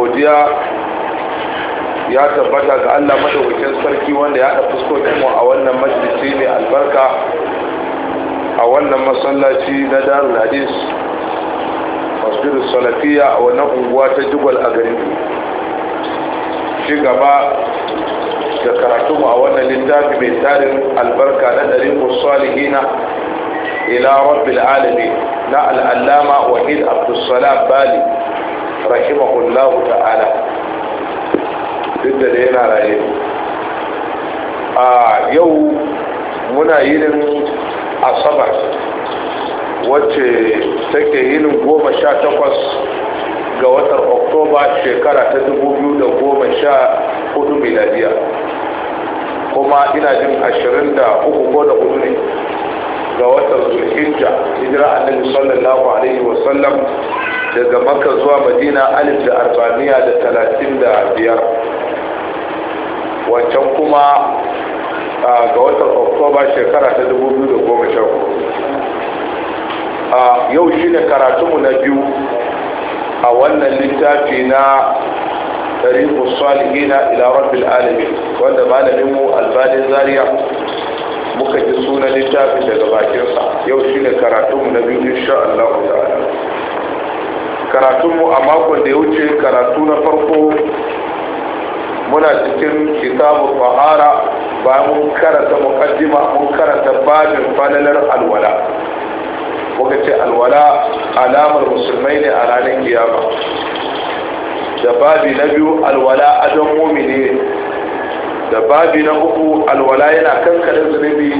godiya ya tabbata ga allah madaukakin sarki wanda ya haɗa fuskokinmu a wannan majalisi mai albarka a wannan masallaci na darul hadis masjidin salafiya a wannan unguwa ta jigwal a garin ci gaba da karatunmu a wannan littafi mai tarin albarka na ɗarin hina ila rabbil alamin na al'allama wahid salam bali rahimahullahu ta'ala duk da da yana raye a yau muna yinin asabar wacce take yinin goma sha takwas ga watan oktoba shekara ta dubu biyu da goma sha hudu miladiya kuma ina jin ashirin da uku ko da hudu ne ga watan zulhijja hijira annabi sallallahu alaihi wasallam daga makka zuwa madina alif da arba'amiya da talatin da biyar wancan kuma ga watan oktoba shekara ta dubu biyu da goma sha yau shi ne karatunmu na biyu a wannan littafi na tarihu salihina ila rabbil alamin wanda malaminmu albanin zaria muka ji sunan littafin daga bakinsa yau shi ne karatunmu na biyu insha ta'ala karatunmu a makon da ya wuce karatu na farko muna cikin kitabu fahara bayan mun karanta mukaddima mun karanta babin falalar alwala muka ce alwala alamar musulmai ne a ranar kiyama da babi na biyu alwala adon mumini ne da babi na uku alwala yana kankanin zunubi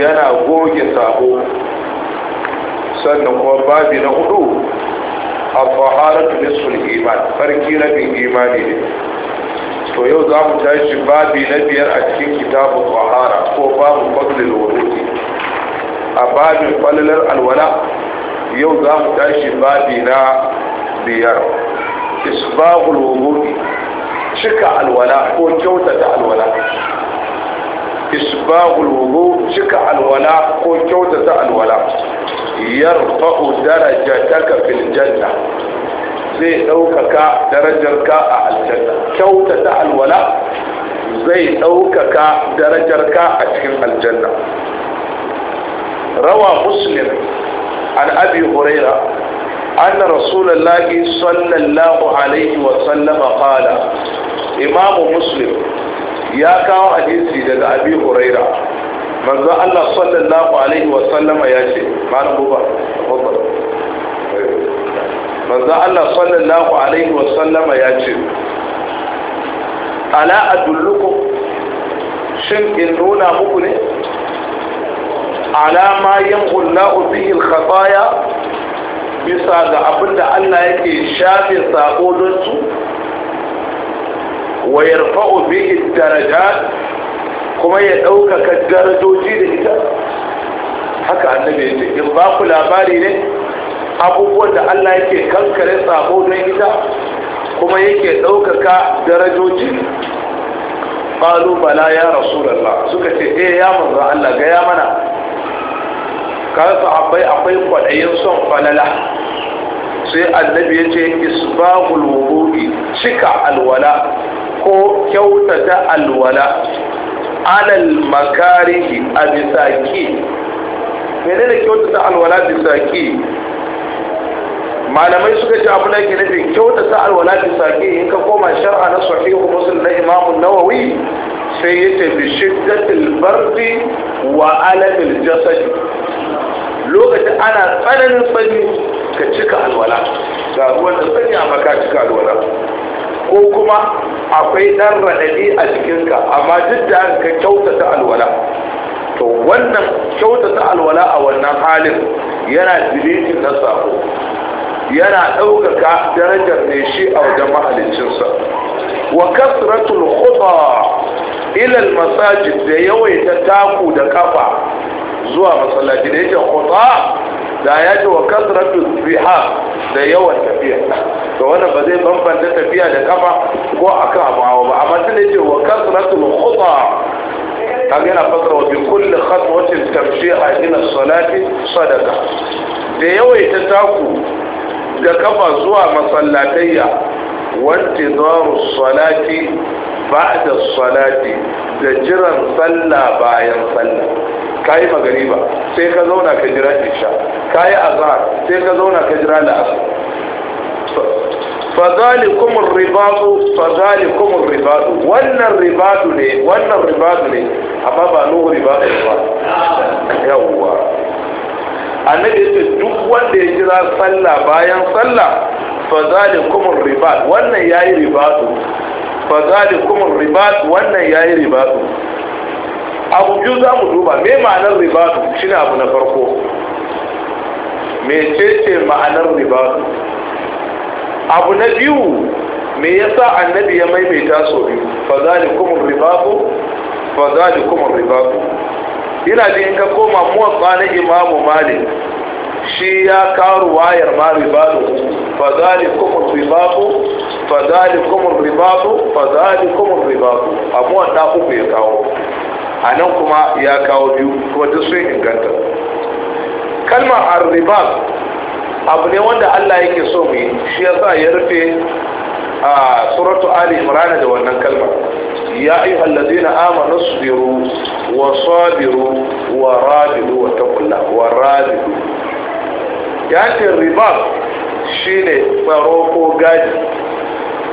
yana goge sabo sannan kuma babi na hudu الطهارت نصف الإيمان فرقي ربي إيماني لي ويوضع متاج بابي نبي أتكي كتاب الطهارة هو باب قبل الورود أباب قلل الولاء يوضع متاج بابي نا بيار إصباغ الورود شكا الولاء هو جوتة الولاء إسباغ الوضوء على الولاء قول على الولاء يرفع درجتك في الجنة زي أوكك درجتك على الجنة على الولاء زي أوكك درجتك في الجنة روى مسلم عن أبي هريرة أن رسول الله صلى الله عليه وسلم قال إمام مسلم ya kawo hadisi daga abi huraira manzo Allah sallallahu alaihi wa sallama ya ce malam buba manzo Allah sallallahu alaihi wa sallama ya ce ala adullukum shin in nuna muku ne ala ma yanqul lahu bihi al-khataaya bisa ga abinda Allah yake shafe sako don su wa yarfa'u bihi daraja kuma ya ɗaukaka darajoji da ita haka annabi ya in ba ku labari ne abubuwan da Allah yake kankare sabo don ita kuma yake ɗaukaka darajoji Ƙalu bala ya rasulullah suka ce eh ya manzo Allah gaya mana ka abai akwai kwaɗayin son falala sai annabi ya ce isbahul wudu'i cika alwala ko kyautata alwala alal makarihi a bisaki mene ne kyautata alwala bisaki malamai suka ce abu ke nufi kyautata alwala bisaki in ka koma shar'a na sahihu muslim na imamun nawawi sai ya ce bi shiddatil bardi wa alamil jasadi lokacin ana tsananin sanyi ka cika alwala ga ruwan da amma ka cika alwala ko kuma akwai ɗan raɗaɗi a jikinka amma duk da ka kyautata alwala to wannan kyautata alwala a wannan halin yana dilitin na sako yana ɗaukaka darajar ne shi a wajen mahalicinsa wa kasratul ila ilal masajid da yawaita taku da kafa zuwa masallaci da yake kuta da ya ce wa kasratu biha da yawan tafiya to wannan ba zai bambanta tafiya da kafa ko akan abu hawa ba amma sai yake wa kasratu khuta kaga yana fasara wa bi kulli khatwatin tamshiha ila salati sadaqa da yawaita taku da kafa zuwa masallatayya وانتظار الصلاة بعد الصلاة da jiran sallah bayan sallah ka yi ba, sai ka zauna ka jira isha ka yi azhar sai ka zauna ka jira la'asar fazalikum ribatu fazalikum ribatu wannan ribatu ne wannan ribatu ne amma ba nuhu ribatu ba yawwa annabi ce duk wanda ya kira sallah bayan sallah fa zalikum ribat wannan yayi ribatu fa zalikum ribat wannan yayi ribatu abu biyu za mu duba me ma'anar ribatu shine abu na farko mecece ma'anar ribatu abu na biyu me yasa annabi ya maimaita so biyu fa zalikum ribatu fa zalikum ribatu ina ji in ka koma muwatsa na imamu malik shi ya karu wayar ma ribatu fa zalikum ribatu fa zalikum ribatu fa zalikum ribatu abu wanda uku ya kawo a nan kuma ya kawo biyu kuma duk sun inganta kalmar arribat abu ne wanda Allah yake so mu yi shi ya sa ya rufe a suratu ali imran da wannan kalma. ya ayyuhal ladina amanu sabiru wa sabiru wa rabidu wa taqulla wa rabidu ya ce riba shine tsaro ko gadi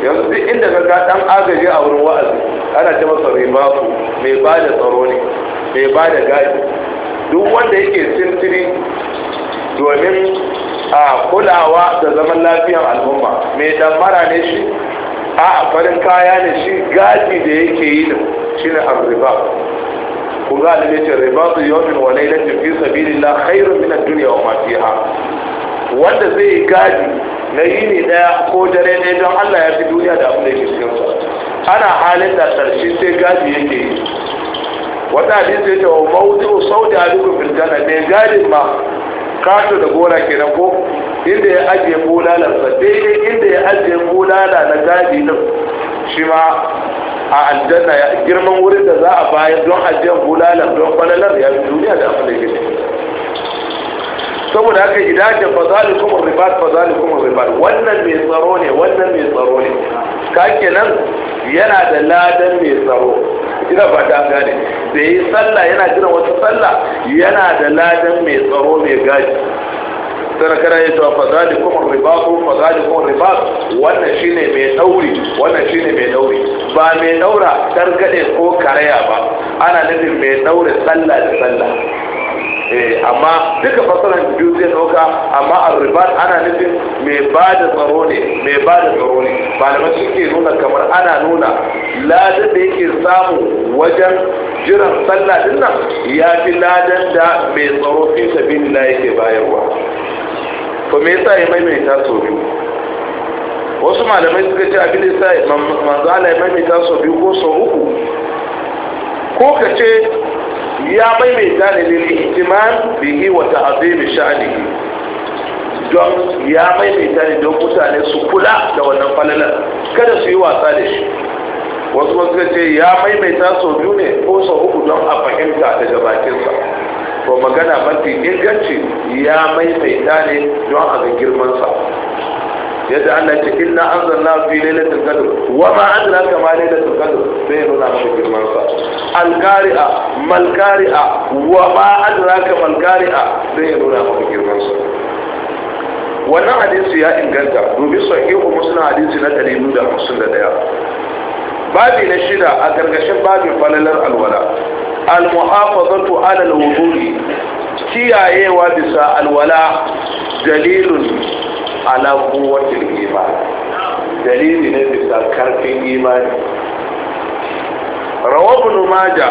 yanzu inda ka ga dan agaji a wurin wa'azi ana ce masa riba ku mai ba da tsaro ne mai ba da gadi duk wanda yake sintiri domin a kulawa da zaman lafiyar al'umma mai damara ne shi a farin kaya ne shi gaji da yake yi da shi ne arriba ku ga da yace riba su yawmin wa lailatin fi sabilillah khairun min ad wa mafi ha, wanda zai gaji na yini daya ko dare ne don Allah ya fi duniya da abu da yake cikin sa ana halin da karshe sai gaji yake yi wata hadisi yace wa mawdu sawda alikum fil janna mai gadin ma kato da gora kenan ko inda ya ajiye bulalarsa daidai inda ya ajiye bulala na gadi din shi ma a aljanna ya girman wurin da za a bayar don ajiyar bulalar don kwalalar ya fi duniya da abin da saboda haka idan da fazalikum ribat fazalikum ribat wannan mai tsaro ne wannan mai tsaro ne ka ke nan yana da ladan mai tsaro ina ba ta gane da yi sallah yana jiran wata sallah yana da ladan mai tsaro mai gaji sana kana ya cewa fazalikum ribat fazalikum ribat wannan shine mai dauri wannan shine mai dauri ba mai daura targade ko karaya ba ana nufin mai daure sallah da sallah Eh, amma duka Fasalan biyu zai ɗauka amma arribat ana nufin mai ba da tsaro ne mai ba da tsaro ne malamai suke nuna kamar ana nuna ladan da yake samu wajen jiran sallah din nan ya fi ladan da mai tsaro fi sabilillah yake bayarwa to me yasa ya maimaita sau biyu wasu malamai suka ce abin da sa manzo Allah ya maimaita sau biyu ko sau uku ko ka ce ya maimaita ne ne ihtimam bihi wa ta'zim sha'nihi don ya maimaita ne don mutane su kula da wannan falalar kada su yi wasa da shi wasu wasu ce ya maimaita sau biyu ne ko sau uku don a fahimta daga bakinsa ko magana mafi inganci ya maimaita ne don a ga girmansa yadda Allah ce inna anzalna fi lailatul qadr wa ma adraka ma lailatul qadr sai nuna maka girman sa alqari'a malqari'a wa ma adraka malqari'a sai nuna maka girman sa wannan hadisi ya inganta dubi sahihu muslim hadisi na 251 babi na shida a gargashin babin falalar alwala al-muhafazatu ala al-wudu'i kiyayewa bisa alwala dalilun ala kuwatin imani dalili ne bisa karfin imani rawa ibn maja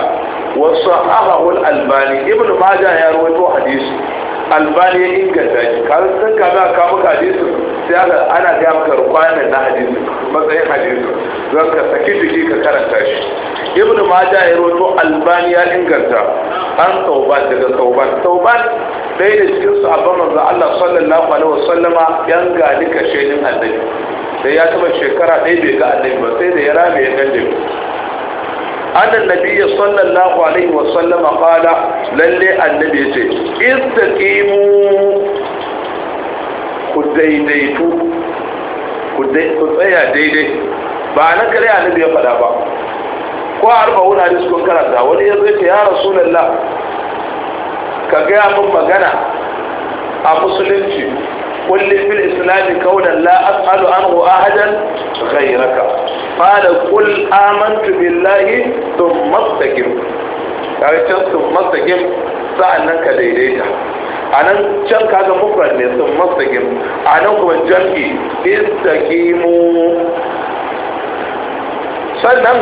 wasu ahahul albani ibn maja ya rawato hadisi albani ya inganta shi kafin sun kaza ka muka hadisi sai aka ana ga muka rubanin na hadisi matsayin hadisi zan ka saki jiki ka karanta shi ibn maja ya rawato albani ya inganta an tauban daga tauban tauban ɗaya da cikin sahabban manzo Allah sallallahu alaihi wasallama yan kashe, ni annabi sai ya taba shekara ɗaya bai ga annabi ba sai da ya rabe ya gande sallallahu alaihi wasallama الله lalle annabi قال istaqimu ku daidaitu, ku tsaya daidai. ba na kare annabi ya faɗa ba ko arba wuna hadis kun karanta wani ya zai ya rasu lalla ka gaya min magana a musulunci kulli fil islami kaunan la as'alu anhu ahadan ghayraka qala qul amantu billahi thumma istaqim kare can thumma istaqim sa'annan ka daidaita anan can kaga mufrad ne thumma istaqim anan kuma jam'i istaqimu sannan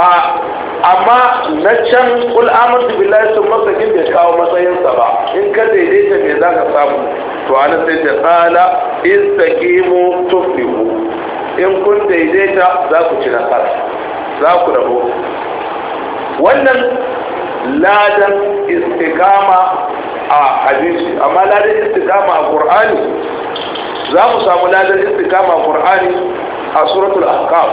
amma na can kul amantu billahi sun masakin bai kawo matsayinsa ba in ka daidaita me za ka samu to ana sai ta tsala istaqimu tuflihu in kun daidaita za ku ci nasara za ku rabo wannan ladan istikama a hadisi amma ladan istikama a qur'ani za mu samu ladan istikama a qur'ani a suratul ahqaf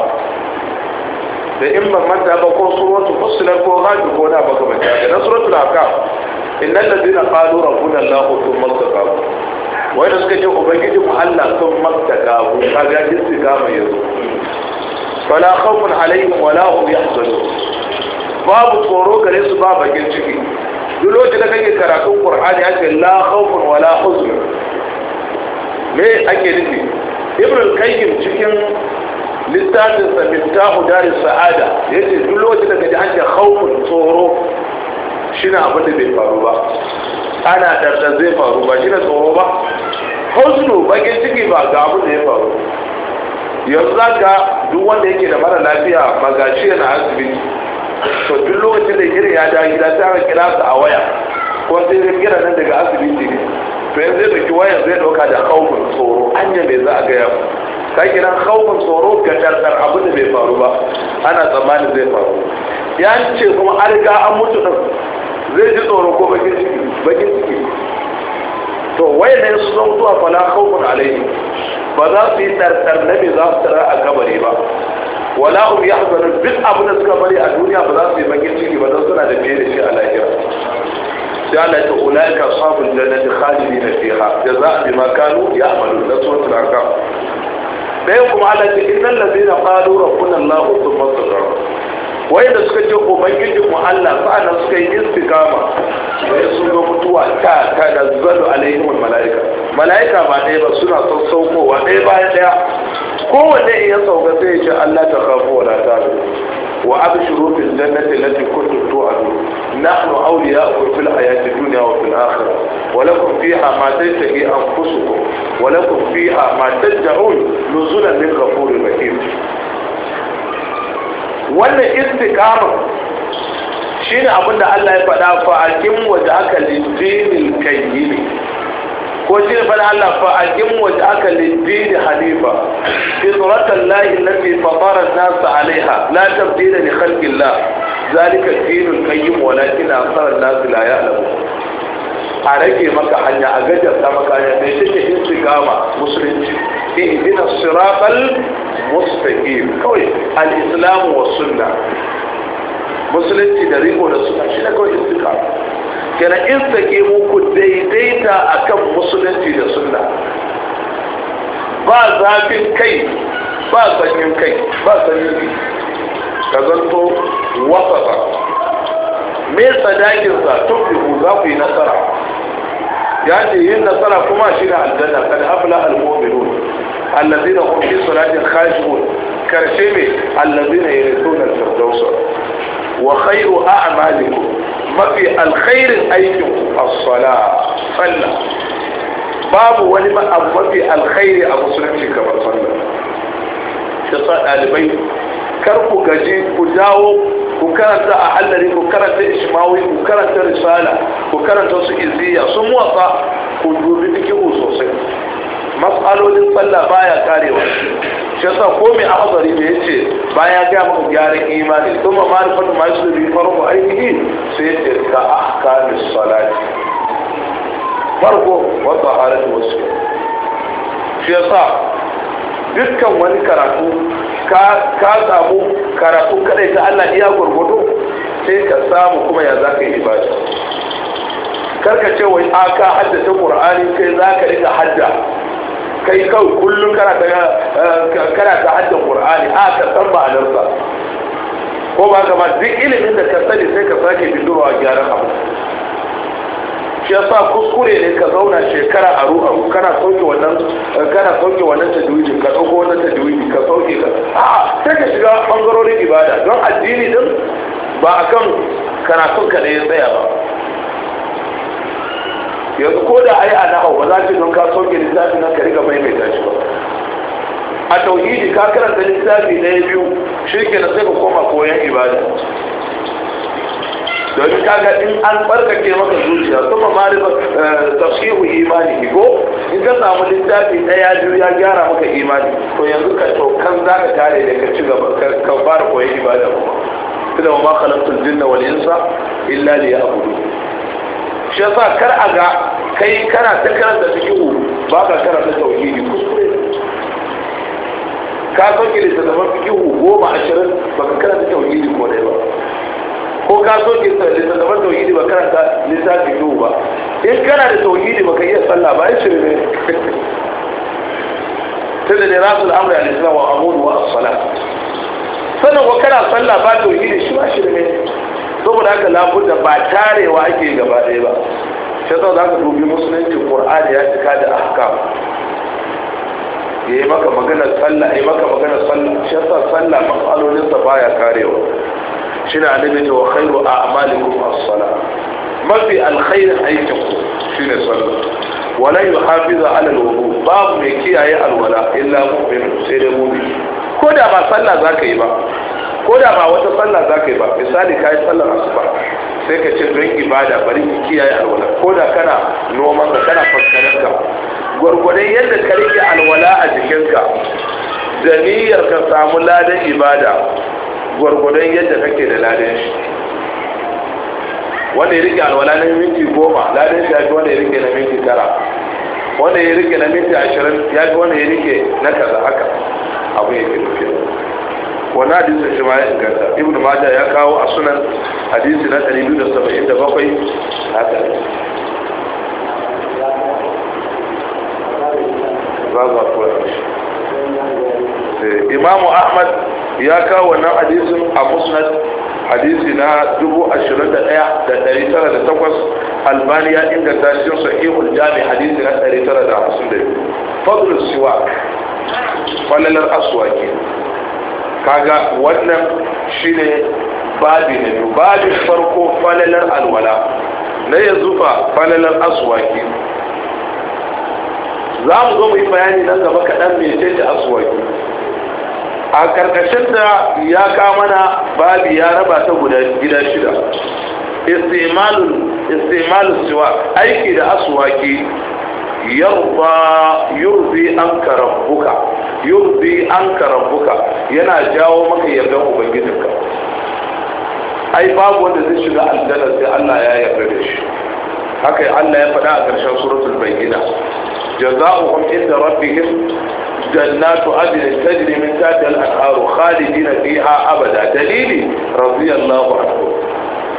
da in ban manta ba ko suratul fussilat ko hajj ko na baka manta da na suratul ahqaf innal ladina qalu rabbuna allah thumma istaqamu wai da suka ce ubangiji mu allah sun mastaqamu kaga istiqama yanzu fala khawfun alaihim wala hum yahzanun babu tsoro gare su ba bakin ciki duk lokacin da kake karatun qur'ani ake la khawfun wala huzn me ake nufi ibn kayyim cikin littafin sa ta hudari sa'ada yace duk lokacin da kaji an ce khawfun tsoro shine abin da bai faru ba ana dardan zai faru ba shine tsoro ba husnu bakin ciki ba ga abin da ya faru yanzu za ka duk wanda yake da mara lafiya magashi na asibiti to duk lokacin da irin ya da gida sai ka kira su a waya ko sai zai kira nan daga asibiti ne to yanzu zai dauki wayan zai dauka da kaufin tsoro anya mai za a gaya mu ka kira kaufin tsoro ga dardar abin da bai faru ba ana tsammanin zai faru ya ce kuma an riga an mutu din zai ji tsoro ko bakin ciki bakin ciki to wayan ne su zama zuwa fala kaufin alaihi ba za su yi dardar na mai za su tara a kabari ba wala hum yahzanun duk abin da suka bari a duniya ba za su yi bakin ciki ba don suna da biye da shi a lahira قال أولئك أصحاب الجنة خالدين فيها جزاء بما كانوا يعملون ده سورة الأعراف بينكم على إن الذين قالوا ربنا الله ثم استقاموا وإن سكت أبنجيكم الله فأنا سكت استقامة ويسوع متوى تا تنزل عليهم الملائكة ملائكة ما نيبا سنة تصوفوا ونيبا إليها kowanne in ya sauka sai ya ce Allah ta kafu wa ta وأبشروا في الجنة التي كنتم توعدون نحن أولياؤكم في الحياة الدنيا وفي الآخرة ولكم فيها ما تشتهي أنفسكم ولكم فيها ما تدعون نزولا من غفور رحيم wannan istiqama shine abinda Allah ya faɗa fa akim wajhaka وشيء فلعل فأجم وجهك للدين حنيفة فطرة الله التي فطار الناس عليها لا تبديل لخلق الله ذلك الدين القيم ولكن أكثر الناس لا يعلم عليك مكة حنيا أجدر كمكة يتشك انتقامة مسلم اهدنا الصراط المستقيم كوي الإسلام والسنة musulunci da riko da suna shi na kawai istika kenan in sake muku daidaita akan musulunci da sunna ba zafin kai ba sanyin kai ba sanyin kai ka zanto wasa ba me sadakinsa tufihu za ku yi nasara ya ce yin nasara kuma shi da aljanna kan afla al-mu'minun allazina hum fi salatin khashi'un karshe me allazina yarisuna al-firdausa wa khairu a'malikum mafi alkhairin aikin as-sala sallah babu wani abu mafi alkhairi a musulunci kamar sallah shi sa dalibai kar ku gaji ku dawo ku karanta a hallari ku karanta ismawi ku karanta risala ku karanta su iziya sun watsa ku dubi fikihu sosai matsalolin sallah baya karewa shi yasa ko mai ahzari da ba ya ga maka gyaran imani kuma ma'rifatu ma su bi farko ainihi sai yace ka ahkamis salati farko wa taharatu wasu shi yasa dukkan wani karatu ka samu karatu kadai ta Allah iya gurgudu sai ka samu kuma ya ka yi ibada karka ce wai a ka haddace qur'ani kai za ka rika hadda kai kawai kullum kana ta eh, haddin qur'ani a ka san ma'anarsa ko ba gaba duk ilimin da ka sani sai ka sake bindurwa a gyaran abu shi yasa kuskure ne ka zauna shekara a aru kana sauke wannan eh, kana sauke wannan tajwidi ka dauko wannan tajwidi ka sauke ka a sai ka shiga bangarorin ibada don addini din ba akan karatun ka ne ya tsaya ba yanzu ko da ai a nahau ba za ka don ka soke littafi na ka riga maimaita shi ba a tauhidi ka karanta littafi ɗaya biyu shi ke sai ka koma koyon ibada domin ga in an barkake maka zuciya kuma marifa eh, tafsiru imani ko in ka samu littafi daya biyu ya gyara maka imani to yanzu ka to kan za ka tare da ka ci gaba ka fara koyon ibada kuma tunda ma khalaqtul jinna wal insa illa liya'budun shi yasa kar a ga kai kana ta karanta cikin hu ba ka karanta tauhidi kuskure ka soke littattafan cikin goma ashirin ba ka karanta tauhidi ko dai ba ko ka so soke littattafan tauhidi ba karanta littafin fikihu ba in kana da tauhidi ba ka iya sallah ba ya shirme tunda ne rasu al'amari al'islam wa amuru wa as-salat sannan ko kana sallah ba tauhidi shi ba shirme saboda haka labuda ba tarewa ake gaba ɗaya ba sai sau za ka dubi musulunci ƙur'ani ya cika da ahkam ya yi maka magana sallah ya yi maka magana sallah shi yasa sallah matsalolinsa baya karewa shi na annabi ta wa khairu a amalikum as-sala mafi alkhairin aikin ku shine sallah wala yuhafizu ala al-wudu babu mai kiyaye alwala illa mu'min sai dai mu'min ko da ba sallah zaka yi ba ko da ba wata sallah za ka yi ba misali ka yi sallar asuba sai ka ce don ibada bari ki kiyaye alwala ko da kana noman ka kana faskarar ka gwargwadon yadda ka rike alwala a jikinka da niyyar ka samu ladan ibada gwargwadon yadda kake da ladan shi wanda ya rike alwala na minti goma ladan shi ya fi wanda ya rike na minti tara wanda ya rike na minti ashirin ya fi wanda ya rike na kaza haka abu ya fi wani hadisin shi ma ya inganta ibn maja ya kawo a sunan hadisi na 277 haka babu akwai eh, imamu ahmad ya kawo wannan hadisin a musnad hadisi na 21,908 albani ya inganta cikin sahihul jami hadisi na 952 fadlul siwak falalar aswaki kaga wannan shine babi ne biyu babin farko falalar alwala na yanzu fa falalar aswaki za mu zo mu yi bayani nan gaba kaɗan mai ce aswaki a karkashin da ya kamana babi ya raba ta guda gida shida istimalul siwa aiki da aswaki يرضى يرضي أنك ربك يرضي أنك ربك ينا جاو مك يدعو بجدك أي باب ونزيش لا أنزل سي أن يا يبرش هكا أن يفدع قرشا سورة البينة جزاؤهم عند ربهم جنات عدن تجري من تحت الأنهار خالدين فيها أبدا دليلي رضي الله عنه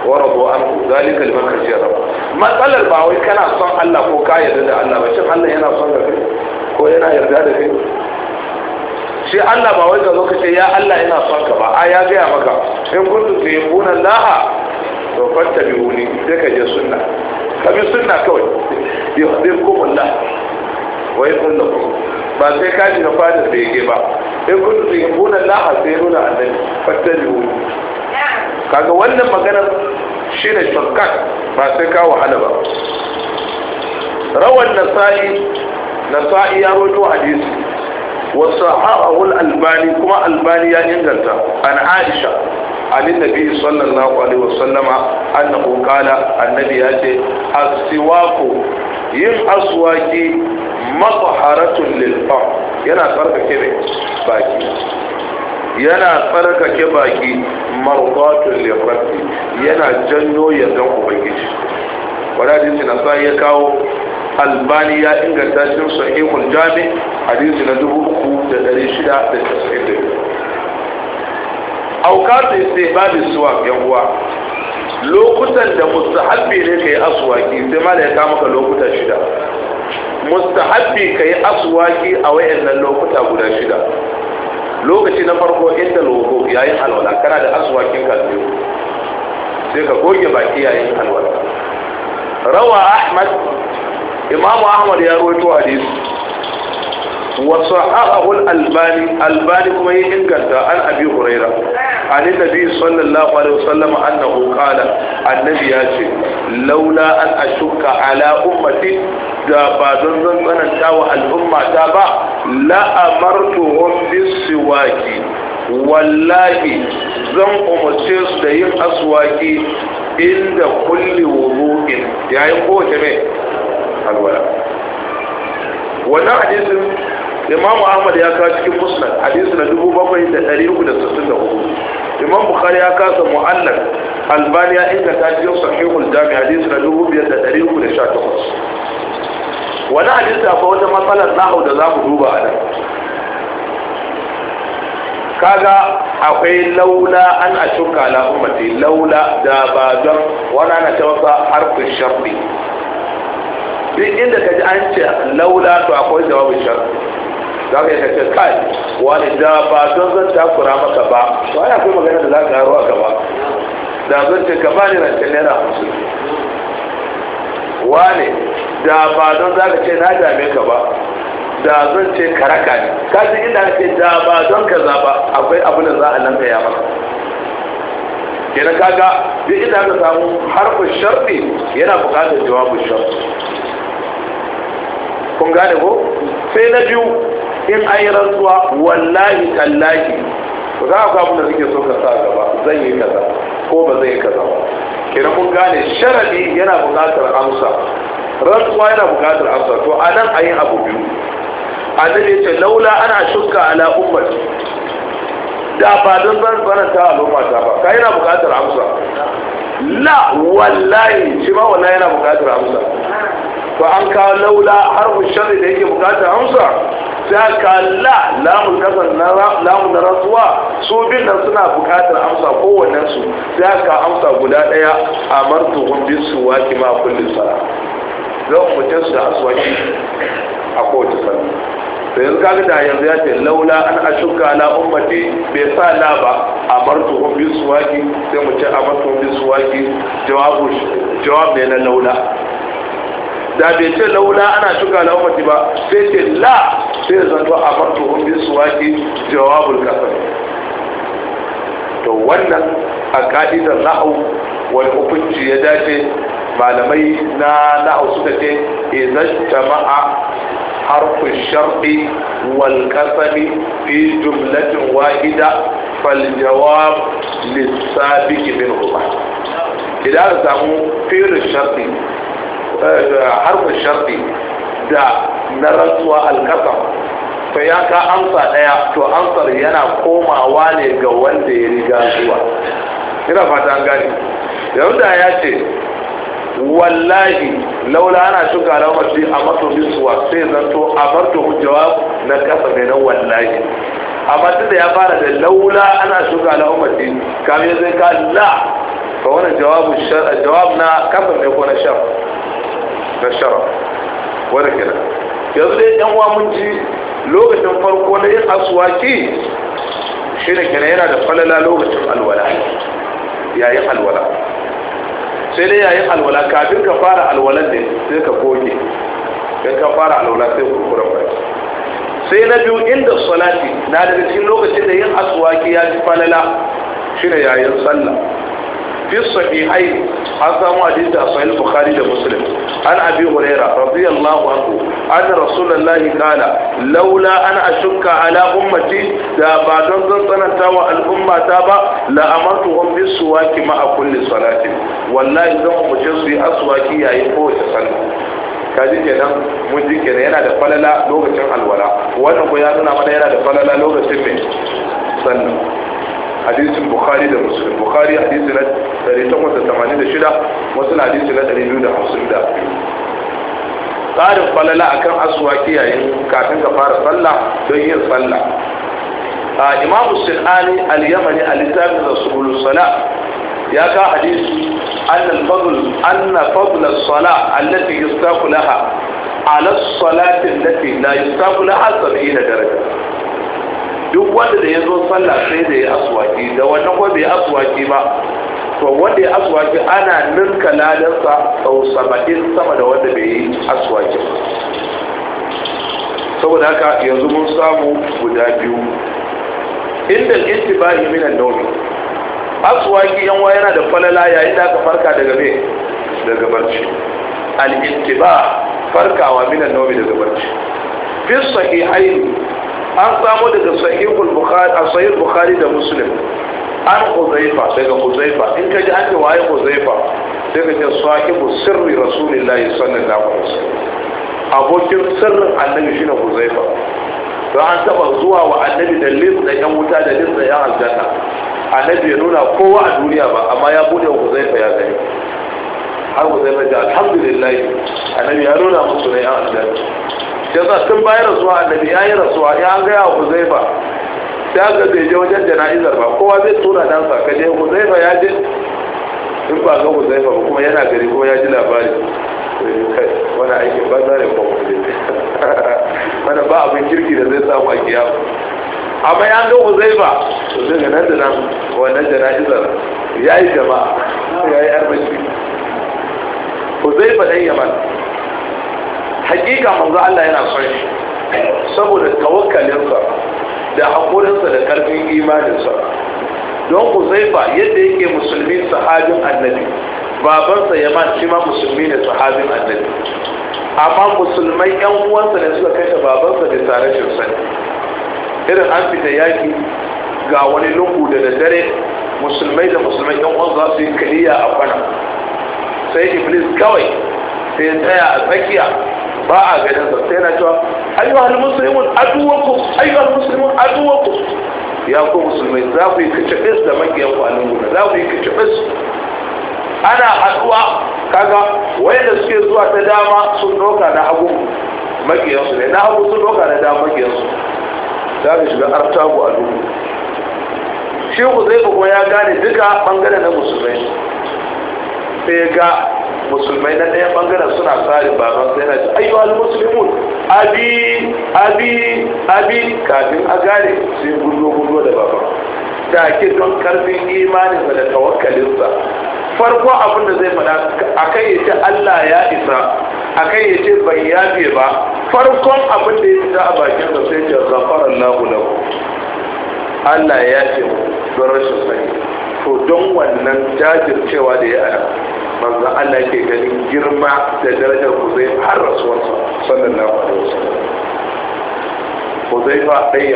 wa rabu an zalika liman kashi rabu matsalar ba wai kana son Allah ko ka yarda da Allah ba shin Allah yana son da kai ko yana yarda da kai shi Allah ba wai ka zo ka ce ya Allah yana son ka ba a ya gaya maka in kuntu tuhibbuna laha to fattabi'uni sai ka je sunna ka bi sunna kawai yuhibbukumullah wa yuhibbukum ba sai ka ji na fadar da yake ba in kuntu tuhibbuna laha sai nuna annabi fattabi'uni kaga wannan maganar shi ne shortcut ba sai kawo wahala ba rawan nasa'i nasa'i ya roto hadisi wasu ha'ahul albani kuma albani ya inganta an aisha sallar عن النبي صلى الله عليه وسلم أنه قال النبي هاتي السواك yin aswaki matsaharatun lilfam yana tsarkake ne baki yana ke baki marbatun lirrafi yana janyo yardan ubangiji wadadin na sa ya kawo albani ya inganta shi sahihul jami hadisi na 3692 aukatu babu suwak yan uwa lokutan da mustahabbi ne kai aswaki sai ma da ya kama ka lokuta shida mustahabbi kai aswaki a wayannan lokuta guda shida lokaci na farko inda logo yayin alwala kana da aswakin kalbi sai ka goge baki yayin alwala rawa ahmad imamu ahmad ya rawaito hadisi wasu ahahul albani albani kuma yi inganta an abi huraira an nabi sallallahu alaihi wasallam annahu qala annabi ya ce laula an ashukka ala ummati da ba don zan tsananta wa al'umma ta ba la amartuhum bisiwaki wallahi zan umarce su da yin aswaki inda kulli wudu'in yayin kowace mai alwala wannan hadisin imam ahmad ya kawo cikin musnad hadisi na 7364 imam bukhari ya kasa mu'allaf albani ya inda inganta cikin sahihul jami hadisi na 2318 wani hadisi akwai wata matsalar nahau da za mu duba a nan kaga akwai laula an a shuka la ummati laula da ba don wani ana ta wasa harfin sharri duk inda ka ji an ce laula to akwai jawabin sharri za ka yi ce kai wani da ba don zan takura maka ba ba ya kuma magana da za ka haro a gaba da zan ce ka ba ni rancen naira hamsin Wani da ba don za ka ce na dame ka ba da zan ce karaka ne ka ji inda ce da ba don ka zaba akwai abin da za a nan ya maka kenan kaga duk inda ka samu harfin sharfi yana bukatar jawabin sharfi kun gane ko sai na biyu in an yi rantsuwa wallahi tallahi za a kwamu da suke so ka sa gaba zan yi kaza ko ba zai yi kaza ba kira mun gane sharadi yana buƙatar amsa rantsuwa yana buƙatar amsa to a nan a yi abu biyu a annabi ce laula ana shukka ala ummati da ba don zan baranta al'umma ta ba kai yana buƙatar amsa la wallahi shi ma wallahi yana buƙatar amsa to an ka laula harfin sharri da yake bukata hamsa sai ka la lamun kasar lamun rasuwa su bin nan suna bukatar amsa kowannen su sai ka amsa guda daya a martuhun bisu wa ma kullum sara zan mutum su da aswaki a kowace sallah Sai yanzu kaga da yanzu ya ce laula an ashuka ala ummati bai sa la ba amartu hum bisuwaki sai mu ce amartu hum bisuwaki jawabu jawab ne na laula da bai ce laula ana shuka la ummati ba sai ce la sai ya zanto a farko hun su suwaki jawabul kasar to wannan a ka'idar na'au wani hukunci ya dace malamai na na'au suka ce idan jama'a sharɗi wal حرف الشرط والقسم في جملة واحدة فالجواب للسابق منهما إذا سموا فعل sharɗi. harfin sharfi da na rantsuwa alkasam sai ya ka amsa ɗaya to amsar yana komawa ne ga wanda ya riga zuwa ina fata an gani yahuda ya ce wallahi laula ana shuka alamar shi a mato bisuwa sai zanto a marto jawab na kasa mai na wallahi amma tun ya fara da laula ana shuka alamar shi kamar zai ka la fa wani jawab na kasa mai ko na shaf na shara wani kenan yanzu dai yan uwa mun ji lokacin farko na yin aswaki shi ne kenan yana da falala lokacin alwala yayin alwala sai dai yayin alwala kafin ka fara alwalan ne sai ka goge sai ka fara alwala sai kurkuren bai sai na biyu inda salati na daga cikin lokacin da yin aswaki ya ji falala shi ne yayin sallah fi sahihai an samu hadisi a sahih bukhari da muslim an abi huraira radiyallahu anhu an rasulullahi qala laula an ashukka ala ummati da ba don zan tsananta wa al'umma ta ba la amartuhum bis suwaki a kulli salati wallahi zan umurce su yi aswaki yayin kowace sallah kaji kenan mun ji kenan yana da falala lokacin alwala wannan ko ya nuna mana yana da falala lokacin mai sannan hadisin bukhari da muslim bukhari hadisi na 886 wasu na hadisi na 252 tsarin falala akan aswaki yayin kafin ka fara sallah don yin sallah imam sinani al-yamani al-littafi da subulus sala ya ka hadisi annal fadl anna fadl as-sala allati yustaqu laha ala as-salati allati la yustaqu laha 70 daraja duk wanda da ya zo sallah sai da ya aswaki da wannan ko bai aswaki ba to wanda ya aswaki ana ninka ladansa sau saba'in sama da wanda bai yi aswaki saboda haka yanzu mun samu guda biyu inda ba yi minan naumi aswaki yan wa yana da falala yayin da aka farka daga me daga barci al-intiba farkawa minan naumi daga barci fi sahihaini an samu daga sahihul bukhari a sahih bukhari da muslim an huzaifa daga huzaifa in ka ji an ce waye huzaifa daga ka ce sahibu sirri rasulillahi sallallahu alaihi wasallam abokin sirrin annabi shine huzaifa don an taba zuwa wa annabi da list da yan wuta da list da yan aljanna annabi ya nuna kowa a duniya ba amma ya bude wa huzaifa ya gani har huzaifa ga alhamdulillah annabi ya nuna musu da yan aljanna ya sa tun bayan rasuwa annabi ya yi rasuwa ya an gaya wa huzaifa sai ga bai je wajen jana'izar ba kowa zai tura dansa ka je huzaifa ya je in ba ga huzaifa ba kuma yana gari kuma ya ji labari eh, wani aikin ba zare ko wani ba abin kirki da zai samu a kiyama amma ya ga huzaifa zai ga nan da nan wannan jana'izar ya yi jama'a ya yi armashi huzaifa ɗan yaman hakika manzo Allah yana son shi saboda tawakkalinsa da haƙurinsa da ƙarfin imaninsa don ku ba yadda yake musulmi sahabin annabi babansa Yaman shi ma musulmi ne sahabin annabi amma musulmai yan uwansa ne suka kashe babansa da tare shi sani irin an fita yaki ga wani lungu da dare, musulmai da musulmai yan uwan za su yi kaliya a kwana sai iblis kawai sai ya tsaya a tsakiya ba a ganin sa sai na cewa ayyuhal muslimun aduwakum ayyuhal muslimun aduwakum ya ku musulmai za ku yi kicibis da makiyan kwanin guda za ku yi kicibis ana haduwa kaga wanda suke zuwa ta dama sun doka na hagu makiyansu ne na hagu sun doka na dama makiyansu za ku shiga artagu a duhu shi ku zai kuma ya gane duka bangare na musulmai sai ya ga musulmai na ɗaya ɓangaren suna tsarin baban sai na ce ayyu al muslimun abi abi abi kafin a gane sai gudu gudu da baban ke don karfin imaninsa da sa farko abin da zai faɗa akan ya ce Allah ya isa akan ya ce bai yafe ba farkon abin da ya fita a bakin da sai ce zafara Allah Allah ya ce don rashin sani to don wannan jajircewa da ya ana manzo Allah ke ganin girma da darajar Huzai har rasuwarsa sallallahu alaihi wasallam Huzai fa dai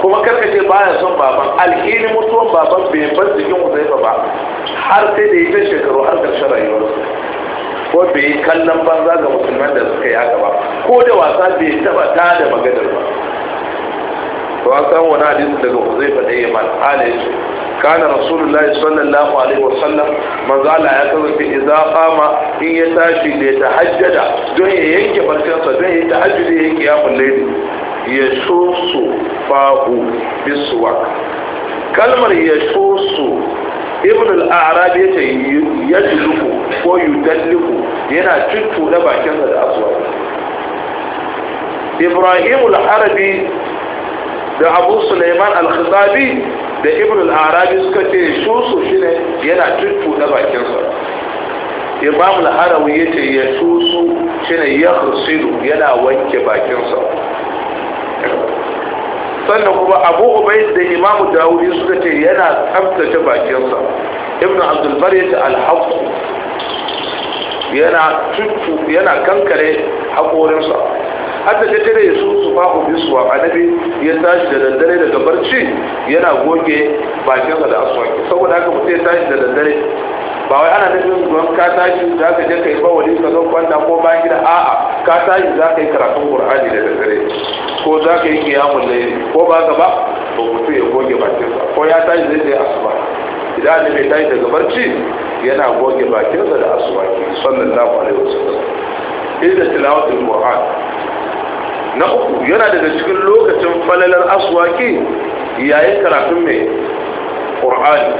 kuma karka ce baya son baban alheri mutuwan baban bai bar jikin Huzai ba har sai da ya shekaru har karshen rayuwarsa ko bai yi kallon banza ga musulman da suka yi haka ba ko da wasa bai taba ta da maganar ba to an samu wani hadisi daga huzaifa da yaman ala ya ce kana rasulullahi sallallahu alaihi wasallam manzo Allah ya kasance idza qama in ya tashi da ya tahajjada don ya yanke barkansa don ya tahajjudi ya yanke yamul layli ya shusu fahu biswak kalmar ya shusu ibn al-a'rab yace yadluku ko yudalliku yana cuccuɗa bakinsa da aswaki ibrahim al-arabi da abu suleiman al-khazabi da ibn al-arabi suka ce su shusu shine yana tuttuɗa bakinsa imam al-harawi ya ce ya shusu shine ya husidu yana wanke bakinsa sannan kuma abu ubaid da imam dawudi suka ce yana tsabtace bakinsa ibn abdulbar ya ce al-haqq yana tuttu yana kankare haƙorinsa hatta ta tare su su fahu a annabi ya tashi da daddare daga barci yana goge bakinsa da aswaki saboda haka mutum ya tashi da daddare ba wai ana nufin ruwan ka tashi za ka je ka yi bawali ka zo kwanta ko ba gida a'a ka tashi za ka yi karatun qur'ani da daddare ko za ka yi kiyamun layl ko ba gaba to mutum ya goge bakinsa ko ya tashi zai je asuba idan ne mai tashi daga barci yana goge bakinsa da asuwaki sallallahu alaihi wasallam inda tilawatul qur'an na uku yana daga cikin lokacin falalar aswaki yayin karatun mai ƙur'ani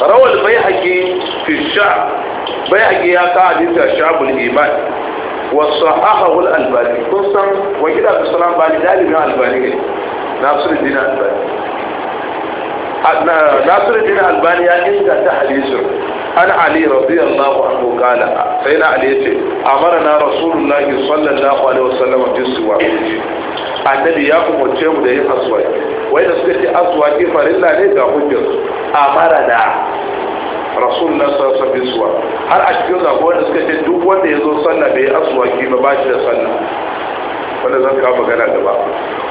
rawar bai haƙi fi sha bai haƙi ya ka hadita shabul iman wasu ahawul albani kun san wakil abu salam bani dalibin albani ne na nasiru dina albani nasiruddin albani ya inganta hadisin an ali radiyallahu anhu kala sai na ali yace na rasulullahi sallallahu alaihi wasallam bi suwa annabi ya umarce mu da yin aswaki wai da suka ce aswaki farilla ne ga hujjar da rasulullahi sallallahu alaihi wasallam har a cikin zago da suka ce duk wanda ya zo sallah bai aswaki ba ba shi da sallah wanda zan kawo magana gaba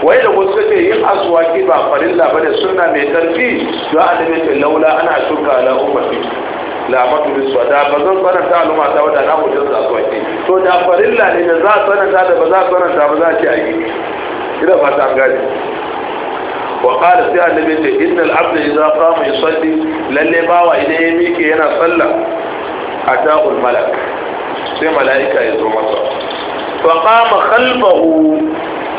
wai da wasu suke yin asuwaki ba farilla ba ne suna mai tarfi don a dabe ta laula ana shuka ala ummati lamatu bi da ba zan sananta al'umma ta wadda na hujjar su aswaki to da farilla ne da za a sananta da ba za a sananta ba za a ce a yi ina ba ta gane sai وقال في النبي إن العبد إذا lalle bawa idan ya إليه yana sallah صلى أتاه الملك sai mala'ika ya zo masa فقام خلفه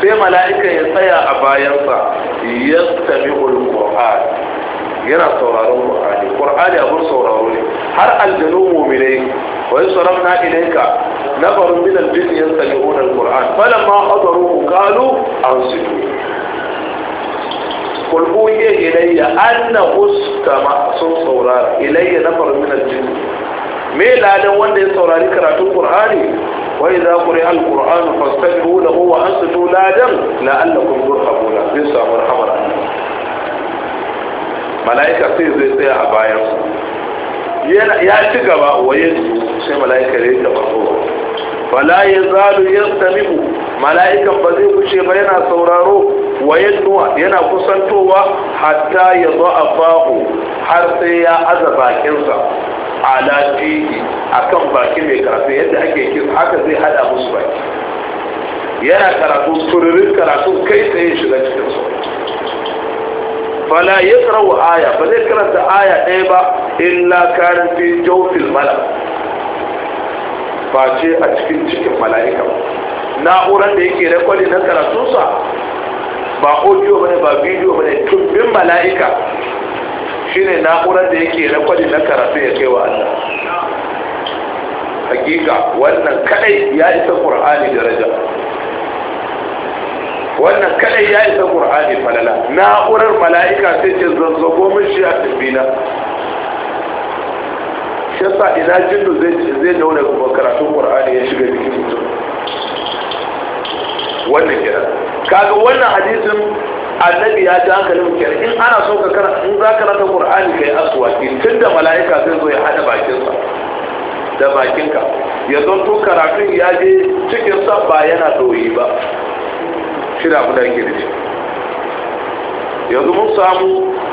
في ملائكة يسيا عبايرسا يستمع القرآن ينا صورة القرآن القرآن يقول صورة رولي هر الجنوم مني ويصرفنا إليك نفر من الجن يستمعون القرآن فلما حضروه قالوا أنصدوا قل هو إلي أنه استمع صورة إلي نفر من الجن me ladan wanda ya saurari karatun qur'ani wa idza quri'a al-qur'an fastajibu lahu wa ansitu ladan la'allakum turhamuna bi samu rahmar malaika sai zai tsaya a bayan ya ci gaba wa yanzu sai malaika ya taba tsowa fala yazalu yastami'u mala'ikan ba zai wuce ba yana sauraro wa wayannuwa yana kusantowa hatta ya zo a fahu har sai ya aza bakinsa ala fihi akan baki mai karatu yadda ake kira haka zai hada musu baki yana karatu tururin karatu kai tsaye shiga cikin su fala ya tsarau aya ba zai karanta aya ɗaya ba illa karin fi jofil mala ba ce a cikin cikin mala'ika Na'uran da yake rekwadi na karatunsa ba audio bane ba bidiyo bane tumbin mala'ika ne na'urar da yake rakwali na karatu ya kai wa Allah hakika wannan kadai ya isa qur'ani daraja wannan kadai ya isa qur'ani falala na'urar mala'ika sai ce go mun shi a tabbina shi yasa ina jinnu zai da wani karatun qur'ani ya shiga jikin mutum wannan kira kaga wannan hadisin annabi ya ji hankalin mu kenan in ana so ka karanta in za ka rasa qur'ani kai in tunda mala'ika zai zo ya hada sa da bakinka ya tun karatun ya je cikin sa ba yana doyi ba shida da da yanzu mun samu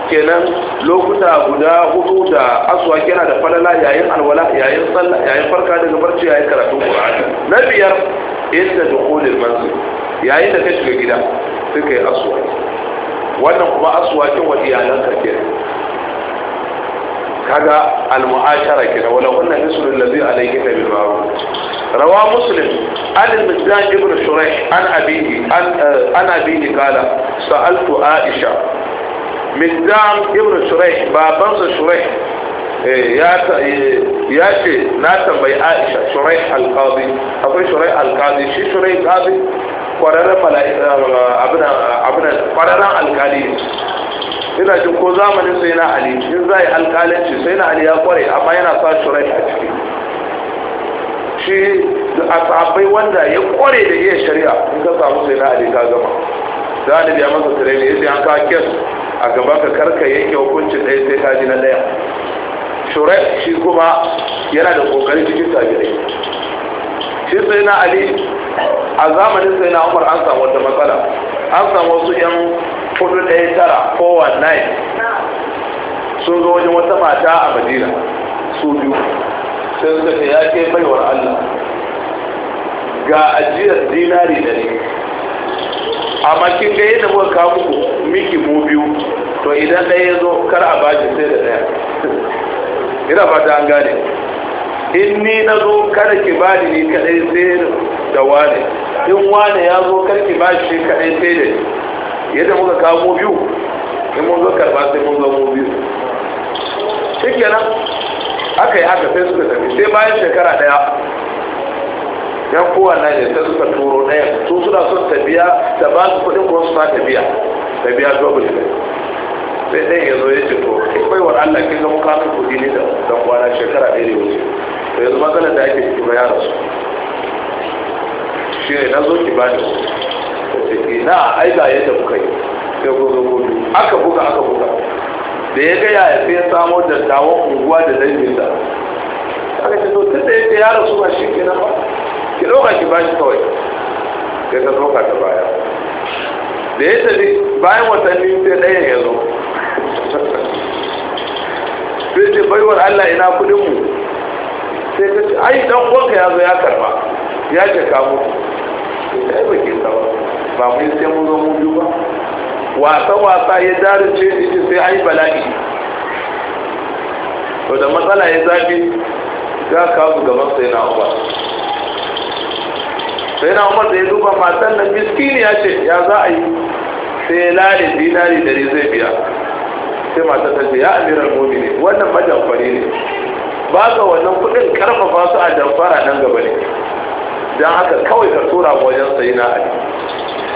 kenan lokuta guda hudu da aswa yana da falala yayin alwala yayin sallah yayin farka daga barci yayin karatun qur'ani na biyar inda dukhulul manzil yayin da ka shiga gida suka yi aswa wannan kuma aswa kin wa iyalan ka kenan kaga al-mu'ashara kenan wala wannan nisrul ladzi alayka bil ma'ruf روا مسلم عن المجدان ابن شريح عن أبيه عن آه، أبيه قال سألت آئشة مجدان ابن شريح بابنز شريح آه، يا شي ناتم بي عائشه شريح القاضي أقول شريح القاضي شي شريح آه، القاضي قررى ملايين أبنى قررى القاضي ina jin ko zamanin sai na ali in zai alƙalanci sai na ali انا kware شريح yana sa shurai a ciki shi a sahabbai wanda ya kware da iya shari'a in ka samu sai na alika gama zalibi ya masa tare ne yace an kawo kes a gaba ka karka yanke hukuncin ɗaya sai ka ji na ɗaya shurai shi kuma yana da ƙoƙari cikin tabi'ai shi sai na ali a zamanin sai na umar an samu wata matsala an samu wasu yan hudu ɗaya tara 419 sun zo wajen wata mata a madina su biyu sai suka ce ya ke baiwar Allah ga ajiyar dinari da ne amma kin ga yadda muka kawo miki mu biyu to idan ɗaya ya zo kar a baji sai da ɗaya ina fata an gane in ni na zo kada ki bani ni kadai sai da wane in wane ya zo kar ki ba shi kadai sai da yadda muka kawo mu biyu in mun zo karba sai mun zo mu biyu shi kenan aka yi haka sai suka tafi sai bayan shekara daya yan kowanne ne sai suka turo ɗaya su suna son tafiya da ba su kuɗin kuma ta tafiya tafiya double ne sai ɗan ya zo ya ce to kai wa Allah kin ga mukamin ku ne da dan kwana shekara ɗaya ne wuce to yanzu matsalar da ake ciki ba ya rasu shi ne na zo ki ba ni ta ce na ai ga yadda kuka yi sai gozo gozo aka buga aka buga da ya gaya ya sai samo tawon unguwa da danginsa aka ce to tun da ya ce ya rasu ba shi ke nan ba ki ɗauka ki ba shi kawai ya ta ɗauka ta baya da ya tafi bayan watanni sai ɗayan ya zo sai ce baiwar allah ina kuɗin mu sai ta ce ai dan uwanka ya zo ya karba ya ce kamo mutu sai yi bakin ba ba mu yi sai mu zo mu biyu ba wasa-wasa ya darince jikin sai ai bala'i to da matsala ya zafi za ka kawo gaban sai na umar sai na umar da ya duba matan nan miskini ya ce ya za a yi sai ya lare dinari da zai biya sai matan ta ce ya amiran ne wannan majamfari ne ba ga wannan kudin karfafa su a jamfara nan gaba ne don haka kawai ka tura wajen sai na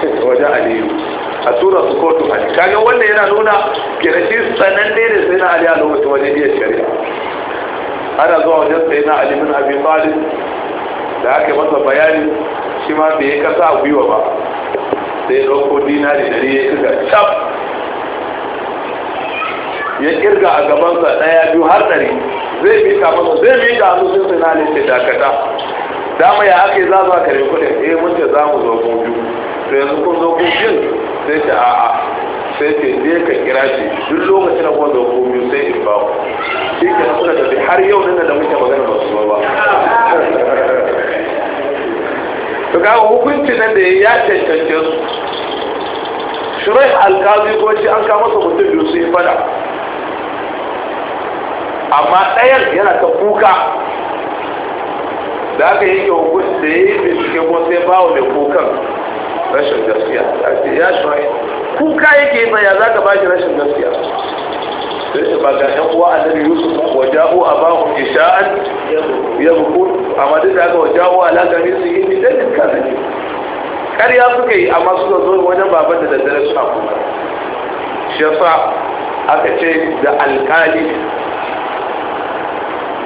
ali wajen aliyu a tura su kotu ali kaga wannan yana nuna kirshi sananne ne sai na ali a lokacin wajen iya shari'a ana zuwa wajen sai na ali bin abi talib da aka masa bayani shi ma bai kasa a gwiwa ba sai ya ɗauko dinari da ya kirga cap ya kirga a gabansa ɗaya biyu har ɗari zai ka masa zai mika hannu sai sai na ali sai dakata dama ya ake za za kare kuɗin eh mun ce za mu zo mu biyu Sai yanzu kun zo kun sai ta a'a sai ce je ka kira shi duk lokacin da kuma zo ku biyu sai in ba shi ke nan suna tafi har yau nan da muke magana ba su ba to ga hukunci nan da ya cancance su shirai alkazi ko shi an kama su mutum biyu su yi fada amma ɗayan yana ta kuka da aka yanke hukunci da ya yi bincike ko sai bawa mai kukan rashin gaskiya a ya shuhai kuka yake yi maya za ka ba shi rashin gaskiya sai su ba ga ɗan uwa nan yusuf wa ja'u abahum isha'an buku amma duk da aka wa ja'u ala kamisi inni dalil Kar ƙarya suka yi amma suka zo wajen baban da daddare suna kuka shi yasa aka ce da alkali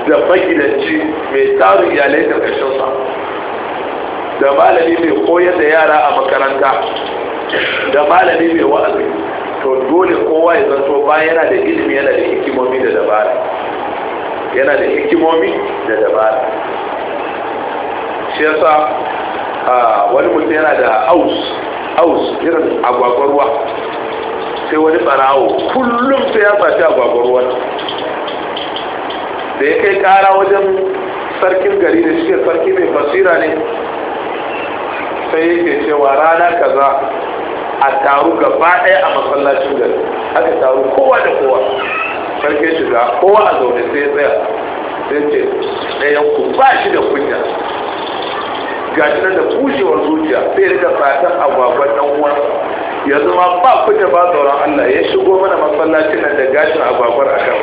da magidanci mai tsarin iyalai da ƙarshen sa da malami mai koyar da yara a makaranta da malami mai wa'azi to dole kowa ya zanto ba yana da ilimi yana da hikimomi da dabara yana da hikimomi da dabara shi yasa wani mutum yana da aus aus irin agwagwarwa ruwa sai wani barawo kullum sai ya sace agwagwarwa ruwa da ya kai kara wajen sarkin gari da shi sarki mai basira ne sai yake cewa rana kaza a taru gaba ɗaya a masallacin gari haka taru kowa da kowa sarki shiga kowa a zaune sai ya tsaya sai ce ɗayan ku ba shi da kunya ga shi da bushewar zuciya sai da fatan agwagwan dan uwa. yanzu ma ba ku da ba tsoron Allah ya shigo mana masallacin nan da gashin agwagwar akan.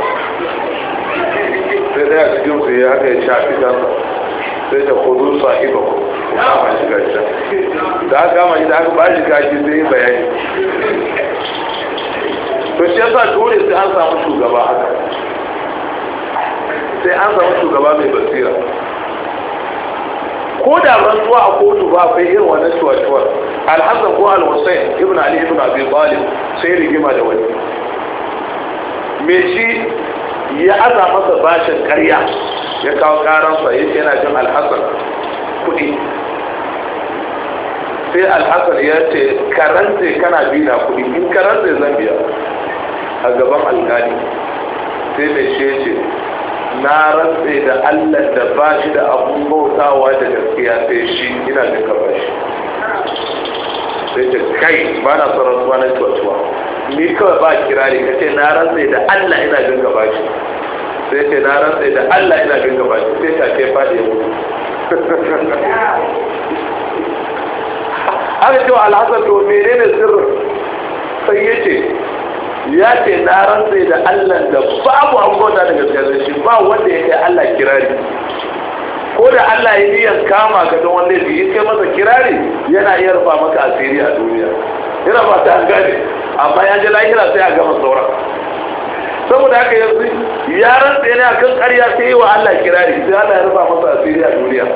sai ɗaya cikin su ya haka ya shafi kansa sai ta kudu sahiba ku kama shi gashi da aka kama shi da aka ba shi gashi sai yi bayani to shi yasa dole sai an samu shugaba haka sai an samu shugaba mai basira ko da rantsuwa a kotu ba akwai irin wannan cuwa-cuwar alhassan ko al ibn ali ibn abi talib sai rigima da wani me shi ya aza masa bashin karya ya kawo karan sa yace yana jin alhassan kudi sai alhassan ya ce karance kana bi na kudi in karance zan biya a gaban alkali sai mai shi ce na rantse da allah da ba shi da abun bautawa da gaskiya sai shi ina da kaba shi sai ce kai ba na tsoron tuwa na tuwa ni kawai ba kira ne ka ce na rantse da allah ina jin gaba shi sai ce na rantsa da Allah ina bin gaba sai ta ke fadi ya mutu haka cewa alhassan to ne sirrin sai ya ce ya ce na rantsa da Allah da babu an bauta da gaskiya shi ba wanda ya kai Allah kirari ko da Allah ya niyan kama ka don wanda ya kai masa kirari yana iya rufa maka asiri a duniya yana ba ta an gane amma ya ji lahira sai a gama sauran saboda haka yanzu ya rantsa yana kan ƙarya sai yi wa Allah kirari sai Allah ya rufa masa asiri a duniya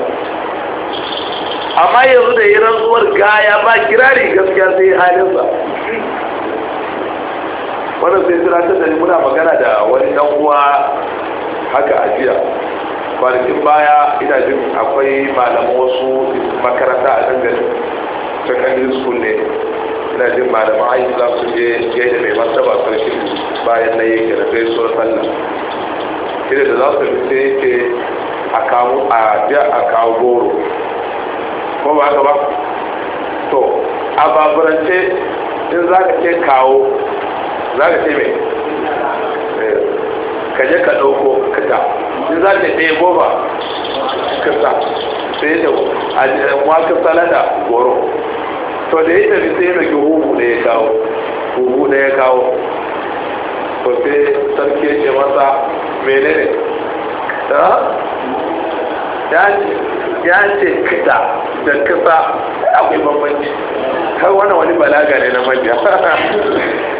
amma yanzu da yi rantsuwar gaya ba kirari gaskiya sai halinsa wannan sai suna ta dani muna magana da wani dan uwa haka a jiya kwanakin baya ina jin akwai malaman wasu makaranta a dangane, ta secondary school ne ina jin malaman za su je gaida mai martaba sarki bayan na yi karfe suwar sallah ina da za su fi sai yake a kawo a ja a kawo goro ko ba ka ba to a baburance in za ka ce kawo za ka ce mai eh, ka je ka ɗauko ka ta in za ka ɗaya eh, goma ka ta sai da wakil salada goro to da ya bi sai da huhu da ya kawo huhu da ya kawo to sai sarki ce masa ne ta ya ce kita da kasa akwai bambanci kai wani wani balaga ne na manya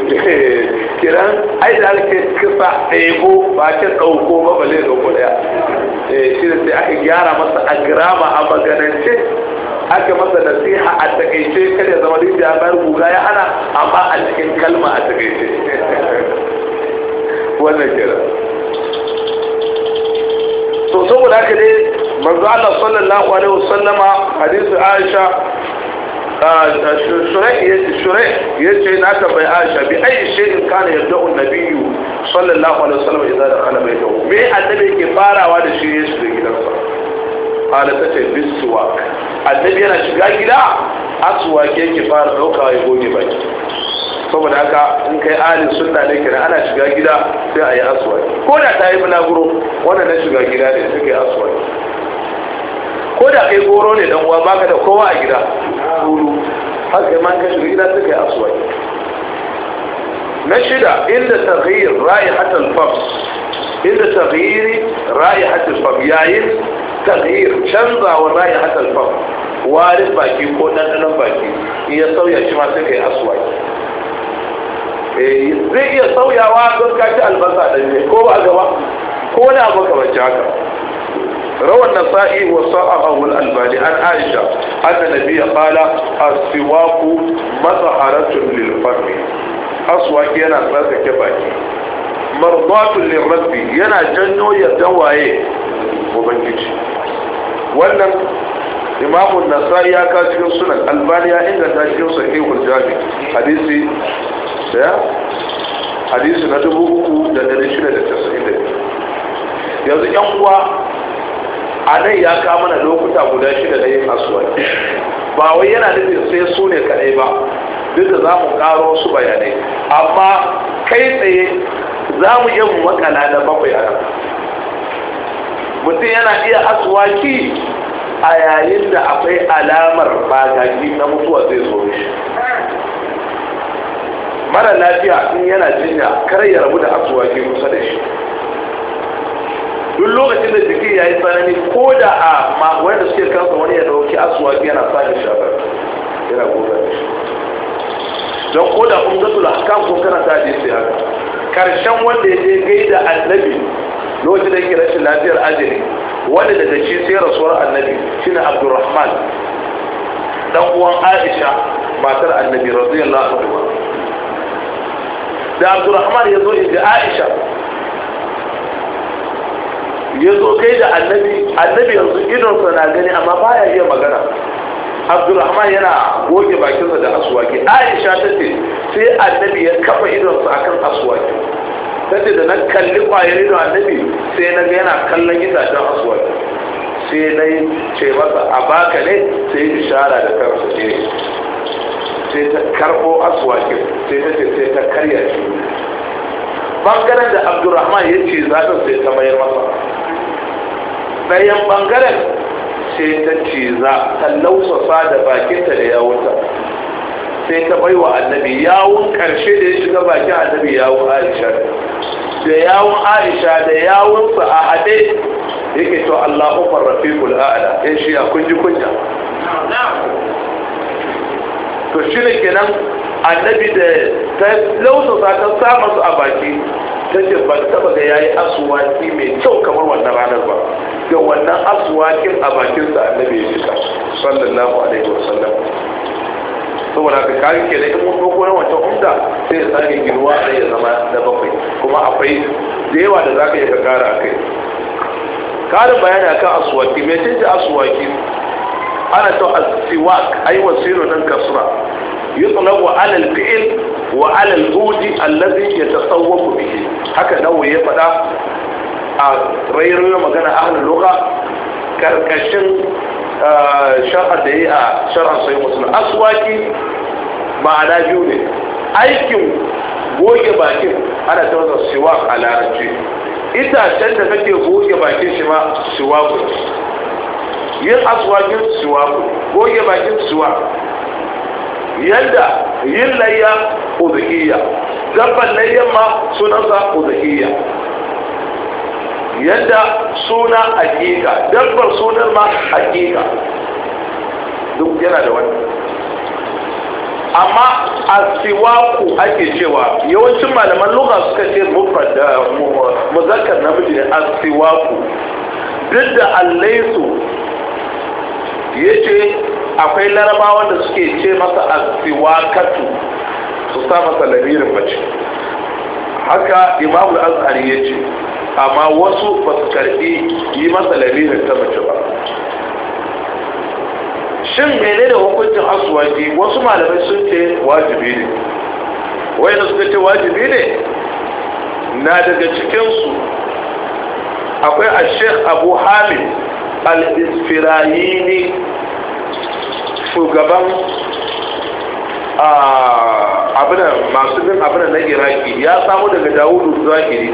kiran ai da ke kisa ɗebo ba ce ɗauko ba ba zai ɗauko ɗaya eh, shi da sai aka gyara masa a girama a maganance aka masa nasiha a takaice kada ya zama rijiya bar guga ya hana amma a cikin kalma a takaice wannan kira to saboda haka dai manzo Allah sallallahu alaihi wasallama hadisi Aisha shurai ya ce na tambayi aisha bi ayi shirin kana yadda nabiyu sallallahu alaihi wasallam idza dakhala baytahu me annabi yake farawa da shi yesu da gidansa ala ta ce bisuwak annabi yana shiga gida asuwak yake fara ɗauka ya goge baki saboda haka in kai alin sunna ne kenan ana shiga gida sai a yi asuwak ko da ta yi bulaguro wanda na shiga gida ne suka yi asuwak ko da kai goro ne dan uwa baka da kowa a gida ruru har kai man ka shiga gida suka yi asuwak na shida inda taghyir ra'ihatul fams inda taghyiri ra'ihatul fams yayin taghyir canzawa zai hakal fam warin baki ko ɗanɗanon baki in ya sauya shi ma sai aswaki zai iya sauyawa don kaci albasa ɗanye ko ba gaba ko na makamanci haka روى النسائي وصاحبه الألباني عن عائشة أن النبي قال السواك مظهرة Aswaki yana ينا ثلاثة baki. mardatun lirrabbi yana janyo yardan waye ubangiji wannan imamun nasai ya ka cikin sunan albani ya inganta cikin sahihul jami hadisi ya hadisi na dubu uku da dari shida da tasiri da yanzu yan uwa a nan ya ka mana lokuta guda shida na yin asuwa ba wai yana nufin sai su ne kaɗai ba duk da za mu ƙaro su bayanai amma kai tsaye za mu iya mu makala na bakwai a mutum yana iya aswaki a yayin da akwai alamar bagaki na mutuwa zai zo shi mara lafiya in yana jinya kar ya rabu da aswaki kusa da shi duk lokacin da jiki ya yi tsanani ko da a da suke kansa wani ya dauki aswaki yana sa shi shafar yana gobe da shi don ko da kun gasu ahkam kun karanta hadisi haka karshen wanda ya je gaida annabi lokacin da yake rashin lafiyar ajali wanda daga shi sai rasuwar annabi shine abdurrahman dan uwan aisha matar annabi radiyallahu anhu da abdurrahman ya zo inda aisha ya zo kai da annabi annabi yanzu idonsa na gani amma baya iya magana abdulrahman yana goge bakinsa da aswaki aisha ta ce sai annabi ya kafa idonsa akan aswaki ta ce da na kalli kwayar idon annabi sai na ga yana kallon itacen aswaki sai na yi ce masa a baka ne sai yi ishara da karsa ne sai ta karbo aswakin sai ta ce sai ta karya shi bangaren da abdulrahman ya ce zaɗin sai ta mayar masa ɗayan bangaren sai ta ciza ta lausasa da bakinta da yawunta sai ta bai wa annabi yawun karshe da ya shiga bakin annabi yawun aisha da yawun aisha da yawunsa a haɗe yake to allahu farrafiqul a'la ya eh, shi ya kunji kunya to shi ne kenan annabi da ta lausasa ta sa su a baki ta ce ba ta taba ga yayi asuwaki mai kyau kamar wannan ranar ba ga wannan asuwakin a bakinsa annabi ya shiga sallallahu alaihi wasallam saboda ka kare ke da in mun ko na wancan umda sai ya tsage girwa da ya zama na bakwai kuma akwai da yawa da zaka yi ka kara kai. karin bayani akan asuwaki mai cin asuwaki ana ta asiwak ai wasiru nan kasura yutlabu ala al-fi'l wa ala al-mudi allazi yatasawwafu bihi haka nawo ya fada a rairun magana ahlul lugha karkashin shar'ar da yi a shar'ar sai musulun aswaki ma'ana biyu ne aikin goge bakin ana ta wasa siwa a larabci itacen da kake goge bakin shi ma siwa ku yin aswakin siwa ku goge bakin siwa yadda yin layya uzakiyya dabban layyan ma sunansa uzakiyya yadda suna hakika dabbar sunan ma hakika duk yana da wani amma a siwaku ake cewa yawancin malaman luga suka ce eh, muzakkar namiji a a ku. duk da allai su. ya akwai larabawa da suke ce masa asiwakatu su sa masa lamirin mace haka imamu azhari ya ce amma wasu ba su karbi yi masa lamirin ta mace ba shin mene da hukuncin asuwaki wasu malamai sun ce wajibi ne wai da suka ce wajibi ne na daga cikinsu akwai a shek abu hamid al-isfirayini shugaban abinan masu bin abinan na iraki ya samu daga dawudu zahiri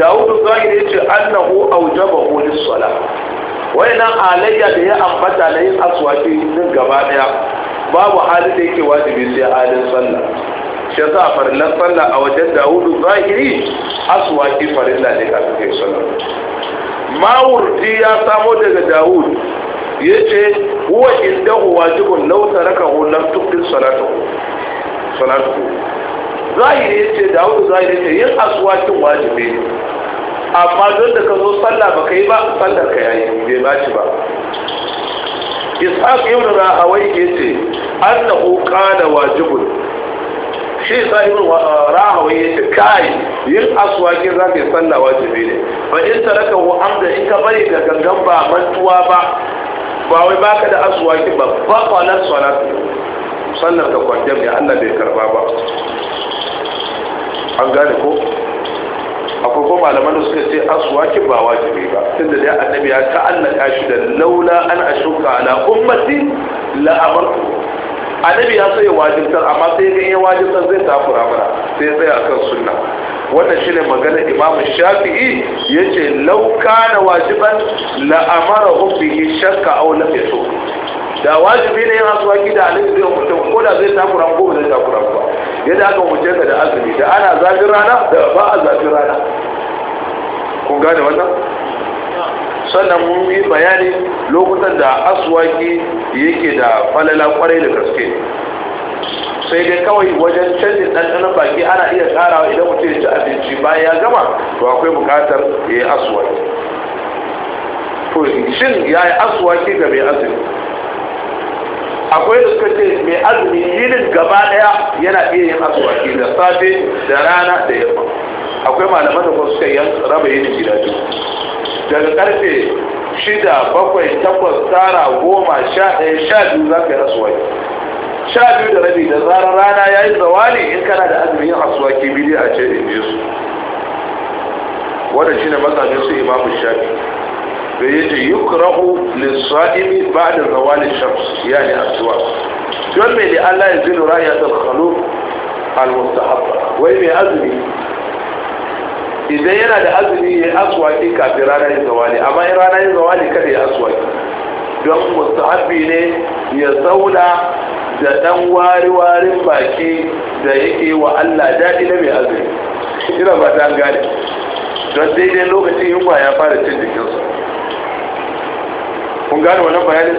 dawudu zahiri ce annahu aujaba wani sola wayannan alayya da ya ambata na yin aswaki din gaba daya babu hali da yake wajibi sai halin sallah shi yasa farillan sallah a wajen dawudu zahiri aswaki farilla ne a cikin sallah mawurdi ya samo daga dawud ya ce huwa indahu wajibun law tarakahu lam tuqbil salatuhu salatu zahiri ce dawud zahiri ce yin aswakin wajibi ne amma don da ka zo sallah ba kai ba sallar ka yayi bai baci ba ishaq ibn rahawai yace annahu qala wajibun shi sahibin uh, rahawa ya ce kai yin aswaki za ka yi sallah jibi ne fa in taraka wa amda in ka bari da gangan ba mantuwa ba ba wai baka da aswaki ba ba kwalar salat Sannan ka kwanciyar ne allah bai karba ba an gane ko akwai ko malaman da suka ce aswaki ba wajibi ba tunda dai annabi ya ta'allaka shi da laula an ashuka ala ummati la amartu annabi ya so wajibtar amma sai ga ya wajibtar zai takura mana sai tsaya a kan sunna wannan shine magana imamu shafi'i yace lauka na wajiban la amara bihi shakka aw na yasu da wajibi ne yin aswaki da alif zai mutum ko da zai takura ko zai takura ba yadda aka mutum ka da azumi da ana zafin rana da ba a zafin rana kun gane wannan sannan mun yi bayani lokutan da aswaki yake da falala kwarai da gaske sai dai kawai wajen canjin ɗanɗanar baki ana iya tsarawa idan mutum ya ci abinci bayan ya gama to akwai buƙatar ya yi aswaki to shin ya yi aswaki ga mai azumi akwai da suka ce mai azumi yinin gaba ɗaya yana iya yin aswaki da safe da rana da yamma akwai malaman da kuma suka raba yinin gidaje daga karfe shida bakwai takwas tara goma sha sha biyu za ka yi rasuwa sha biyu da rabi da zarar rana ya yi zawali in kana da azumin yin asuwa ke bidiyo a ce in ji su wannan ne mazhabin su imamu shafi da yace yukrahu lis-sa'imi ba'da zawali shams yani asuwa don me ne Allah ya zinu ra'ayatul khaluf al-mustahabba wai me azumi idan yana da azumi ya aswaki kafin ranar yin zawali amma in ranar yin zawali kada ya aswaki don haɓi ne ya zauna da ɗan wari-warin baki da yake wa Allah daɗi na mai azumi ina ba ta gane don daidai lokacin yunwa ya fara cin jikinsu kun gane wannan bayanin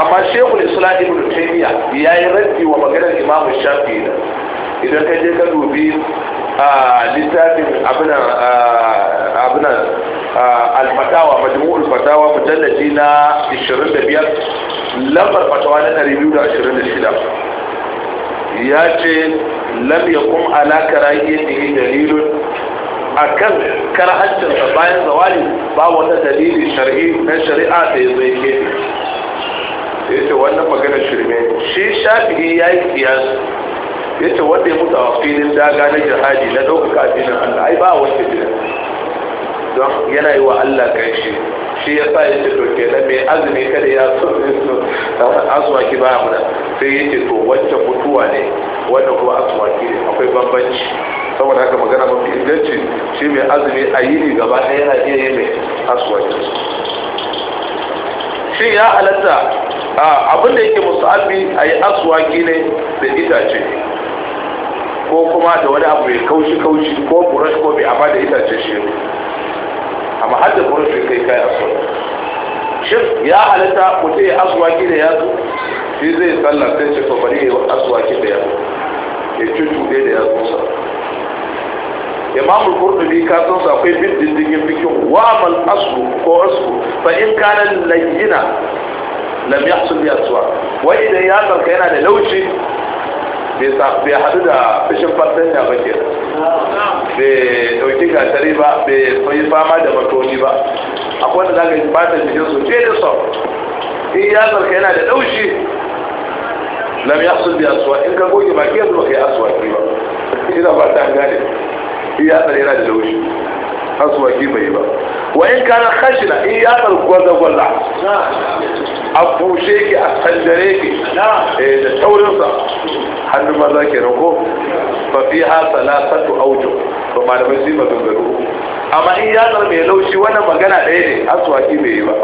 amma shekul islam ibn taymiya ya yi raddi wa maganar imam shafi da idan ka je ka dubi a littafin abin abin al-fatawa majmu'ul fatawa mujalladi na 25 lambar fatawa na 226 ya ce lam yakum ala karayiyatihi dalilun akan karhancin sa bayan zawali ba wata dalili shar'i na shari'a da ya zai ke yace wannan magana shirme shi shafi'i ya yi kiyas yace wanda ya mutu a filin daga na jihadi na ɗaukaka addinin Allah ai ba wanda jinin don yana yi wa Allah ƙarshe shi ya sa yake to kenan mai azumi kada ya so aswaki ba da sai yake to wacce mutuwa ne wanda kuma aswaki ne akwai bambanci saboda haka magana mu inganci shi mai azumi a yini gaba ɗaya yana iya yi mai aswaki shin ya halatta abin da yake musu'abi a yi aswaki ne da itace ko kuma da wani abu mai kaushi kaushi ko burash ko bai amma da itace shi amma har da furushi kai kai aswaki shin ya halitta mutum ya aswaki da yatsu shi zai sallar sai ce to bari ya aswaki da yatsu ya cucuɗe da yatsunsa imam Imamul qurtubi ka san sa akwai bin diddigin fikin wa mal aslu ko aslu fa in kana layyina lam yahsul bi aswa wa idan ya tsarka yana da lauci bai hadu da fishin fartanya ba ke bai dauki gasari ba bai yi fama da matoni ba akwai wanda za ka yi fatan jikin su fiye da sau in ya zarka yana da daushi lam ya su biya suwa in ka goge ba ke zuwa kai asuwa ba ina ba ta gane in ya tsare yana da daushi ki bai ba wa in kana khashina in ya kar gwaza gwaza a bushe ki a sandare ki eh, da taurinsa hannu za ki rako fa fi ha salasatu aujo ba malamai sai maganganu amma in ya zama mai laushi wannan magana ɗaya ne ki bai yi ba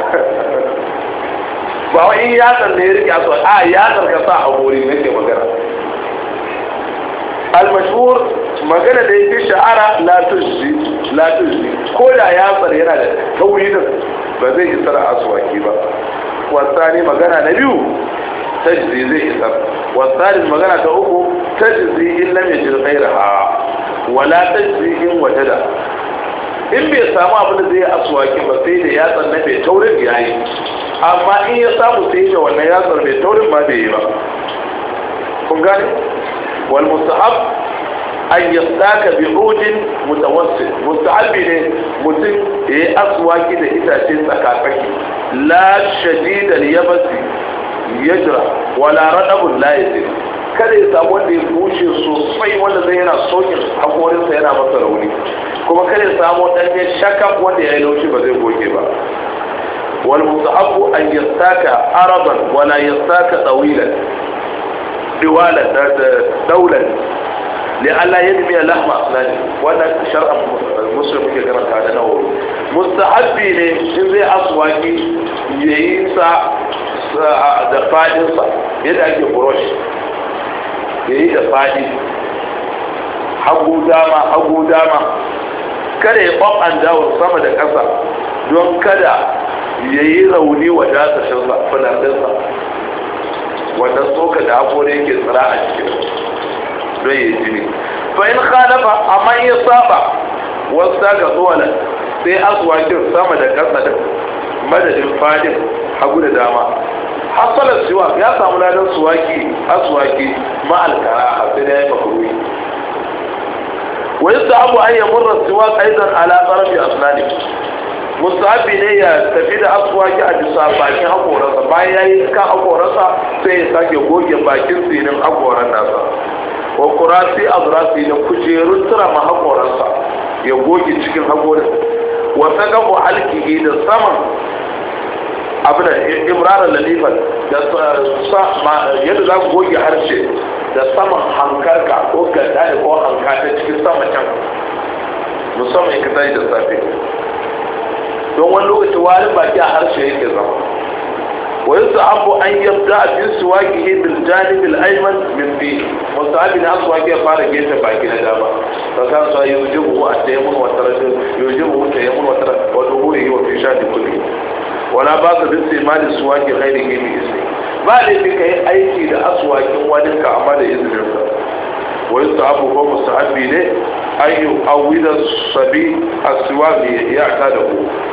ba wa in ya zama ne ya rike aswaki a ya zarga sa a gori nake magana almashhur magana da yake sha'ara la tujzi la tujzi ko da ya far yana da kauri da ba zai isa isar aswaki ba wasani magana na biyu tajzi zai isar wasani magana ta uku tajzi in lam yajid ghayraha wala tajzi in wajada in bai samu abin da zai yi aswaki ba sai da yatsan na mai taurin ya yi amma in ya samu sai da wannan yatsar mai taurin ma bai yi ba kun gane wal mustahab an yasdaka bi udin mutawassit mustahabi ne mutum ya yi aswaki da itace tsakatsaki la shadidan yabasi yajra wala radabun la yajri kada ya samu wanda ya bushe sosai wanda zai yana sokin hakorinsa yana masa rauni kuma kada ya samu ɗanye shakaf wanda ya yi laushi ba zai goge ba wal musahabu an yastaka araban wala yastaka tsawilan لولا دولة لألا يدمي لهم أقلال ولا شرع المسلم كثيرا كان نور مستحبي لهم إذا أصواكي يهيسا دفاجي يدعي بروش يهي دفاجي حقو داما حقو داما كده يقف أن داو الصمد كسا دون كده يهيسا ولي وجاسا شرصا فلا wannan tsoka da haƙori yake tsira a cikin don ya jini fa in khalafa amma in ya saba wasu ga tsowalan sai aswakin sama da ƙasa da madadin fadin hagu da dama hasalar siwa ya samu ladan suwaki aswaki ma'alkara a sai da ya yi makaruri wani sahabu an yi murnar siwa aidan ala ƙarfi asnani musabi ne ya tafi da ki a bisa bakin hakorarsa bayan ya yi ka hakorarsa sai ya sake goge bakin sinin hakoran nasa wa kurasi azrasi da kujerun ma hakorarsa ya goge cikin hakorin wa ko alkihi da saman abin imranar lalifan da yadda za ku goge harshe da saman hankarka ko gada ko hanka ta cikin sama can musamman ka da safe don wani lokaci warin baki a harshe yake zama ويصعب أن يبدأ بسواقه بالجانب الأيمن من فيه وصعب أن أسواقه يفعل جيسة باكي نجابة فكان صلى يوجبه التيمون والترجل يوجبه التيمون والنبوه وفي شان كله ولا باس باستعمال السواق غيره بإذنه ما لديك أي أيدي لأسواق ولك أعمال إذنه ويستحب هو مستحب إليه أن يؤول الصبي السواك يعتاده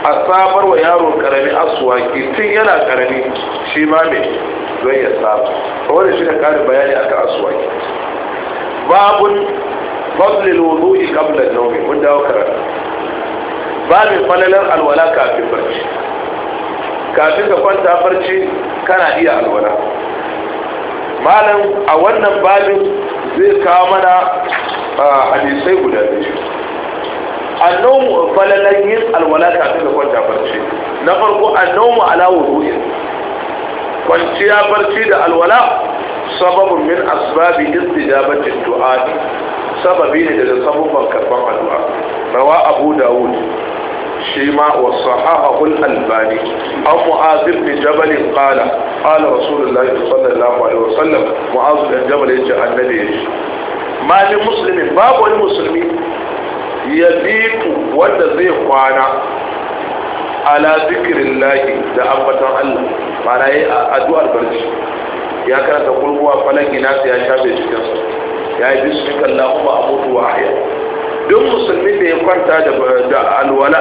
الصابر ويارو الكرمي السواك تينا كرمي شمامي زي الصابر هو الشيء كان بياني أكا السواك باب فضل الوضوء قبل النوم من دعوة باب فلل الولاء كافي برشي كافي ka kwanta barci kana iya malam a wannan babin zai kawo mana hadisai guda biyu annomu falalan yin alwala kafin da kwanta barci na farko annomu ala wudu'in kwanciya barci da alwala sababin min asbabi istijabatin du'a sababi ne daga sabubban karban addu'a rawa abu dawud shi ma wa sahahahu al-albani an mu'az ibn jabal qala qala rasulullah sallallahu alaihi wasallam mu'az ibn jabal yace annabi yace malin muslimin babu wani musulmi ya bitu wanda zai kwana ala zikirin lahi da ambatan Allah mana yi addu'ar barci ya karanta kulkuwa falon ina ya shafe cikinsa ya yi bisikin lahuma a mutuwa a yau duk musulmi da ya kwanta da alwala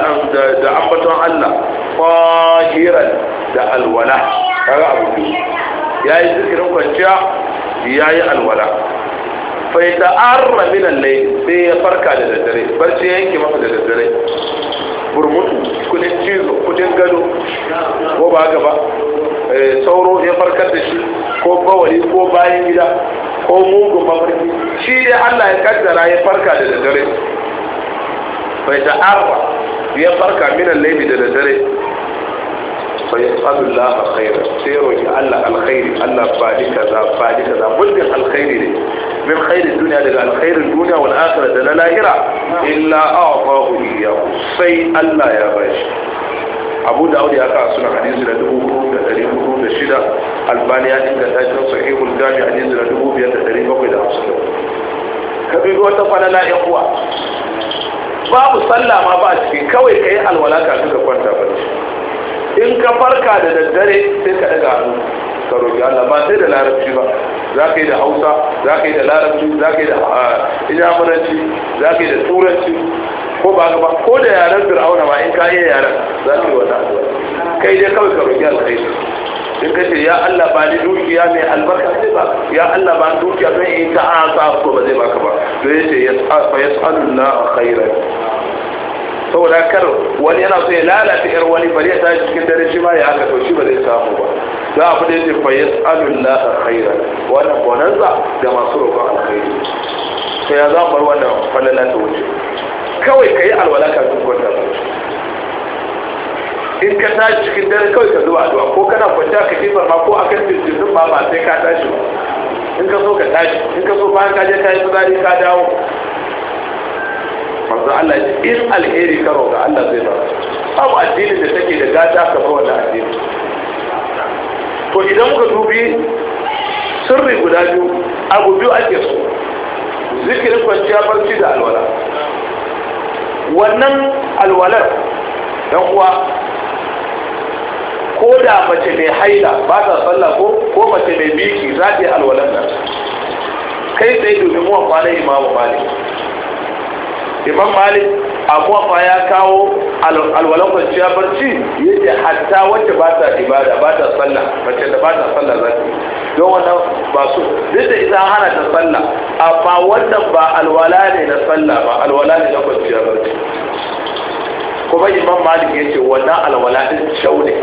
da ambaton Allah fahiran da alwala kaga abu biyu yi zikirin kwanciya yayi alwala fai yata'arra min al sai ya farka da daddare barci yanke masa da daddare burmutu kudin cizo kudin gado ko ba gaba ba eh, sauro ya farkar da shi ko bawali ko bayan gida ko mugun mafarki shi dai allah ya kaddara ya farka da daddare bai arba ya farka minan laifi da daddare فيسأل الله خيرا سيروي الله الخير الله فادي كذا فادي كذا بلغ الخير لي من خير الدنيا لغا الخير الدنيا والآخرة لا لا يرى إلا أعطاه لي سي الله يا باشا أبو داود يقع سنة حديث لدبو قرون تتريب قرون الشدة البانيات تتاجن صحيح الجامع حديث لدبو بيان تتريب وقيد أفسد كبير وتفعل لا يقوى باب صلى ma ba a كوي كي ka yi alwala kafin ka in ka farka da daddare sai ka daga hannu ka roƙi Allah ba sai da larabci ba za ka yi da hausa za ka yi da larabci za ka yi da ah, inyamuranci za ka yi da turanci ko ba ba ko da yaren fir'auna ma in ka iya yaren za ka yi wata addu'a kai dai kawai ka roƙi alkhairi in ka ce ya Allah ba ni dukiya mai albarka sai ba ya Allah ba dukiya don in ta sa ko ba zai ba ka ba don ya ce ya yas'alu na khairan saboda kar wani yana so ya lalata yar wani bari ya tashi cikin dare shi ma ya haka to shi ba zai samu ba za a fada yace fa na khairan wannan bonanza da masu roƙon alkhairi to ya za bar wannan falala ta wuce kawai ka yi alwala kafin kwanta in ka tashi cikin dare kawai ka zuba addu'a ko kana kwanta ka kifar ma ko a kan jirgin ma ba sai ka tashi ba in ka so ka tashi in ka so bayan ka je ka yi fitsari ka dawo manzo Allah in alheri ka roƙa Allah zai ba babu addinin da take da gata ka ba wannan addini to idan muka dubi sirri guda biyu abu biyu ake so zikirin kwanciya barci da alwala wannan alwalar dan uwa ko da mace mai haila ba ta sallah ko ko mace mai biki za ta yi alwalar nan kai tsaye domin wa ma imamu malik imam malik afa ya kawo alwalan ciya barci yake hatta wacce ba ta ibada ba ta sallah mace da ba ta sallah za ta don wannan ba su duk da ita hana ta sallah amma wannan ba alwala ne na sallah ba alwala ne na kwanciya barci kuma imam malik ya ce wannan alwala shaune. shau ne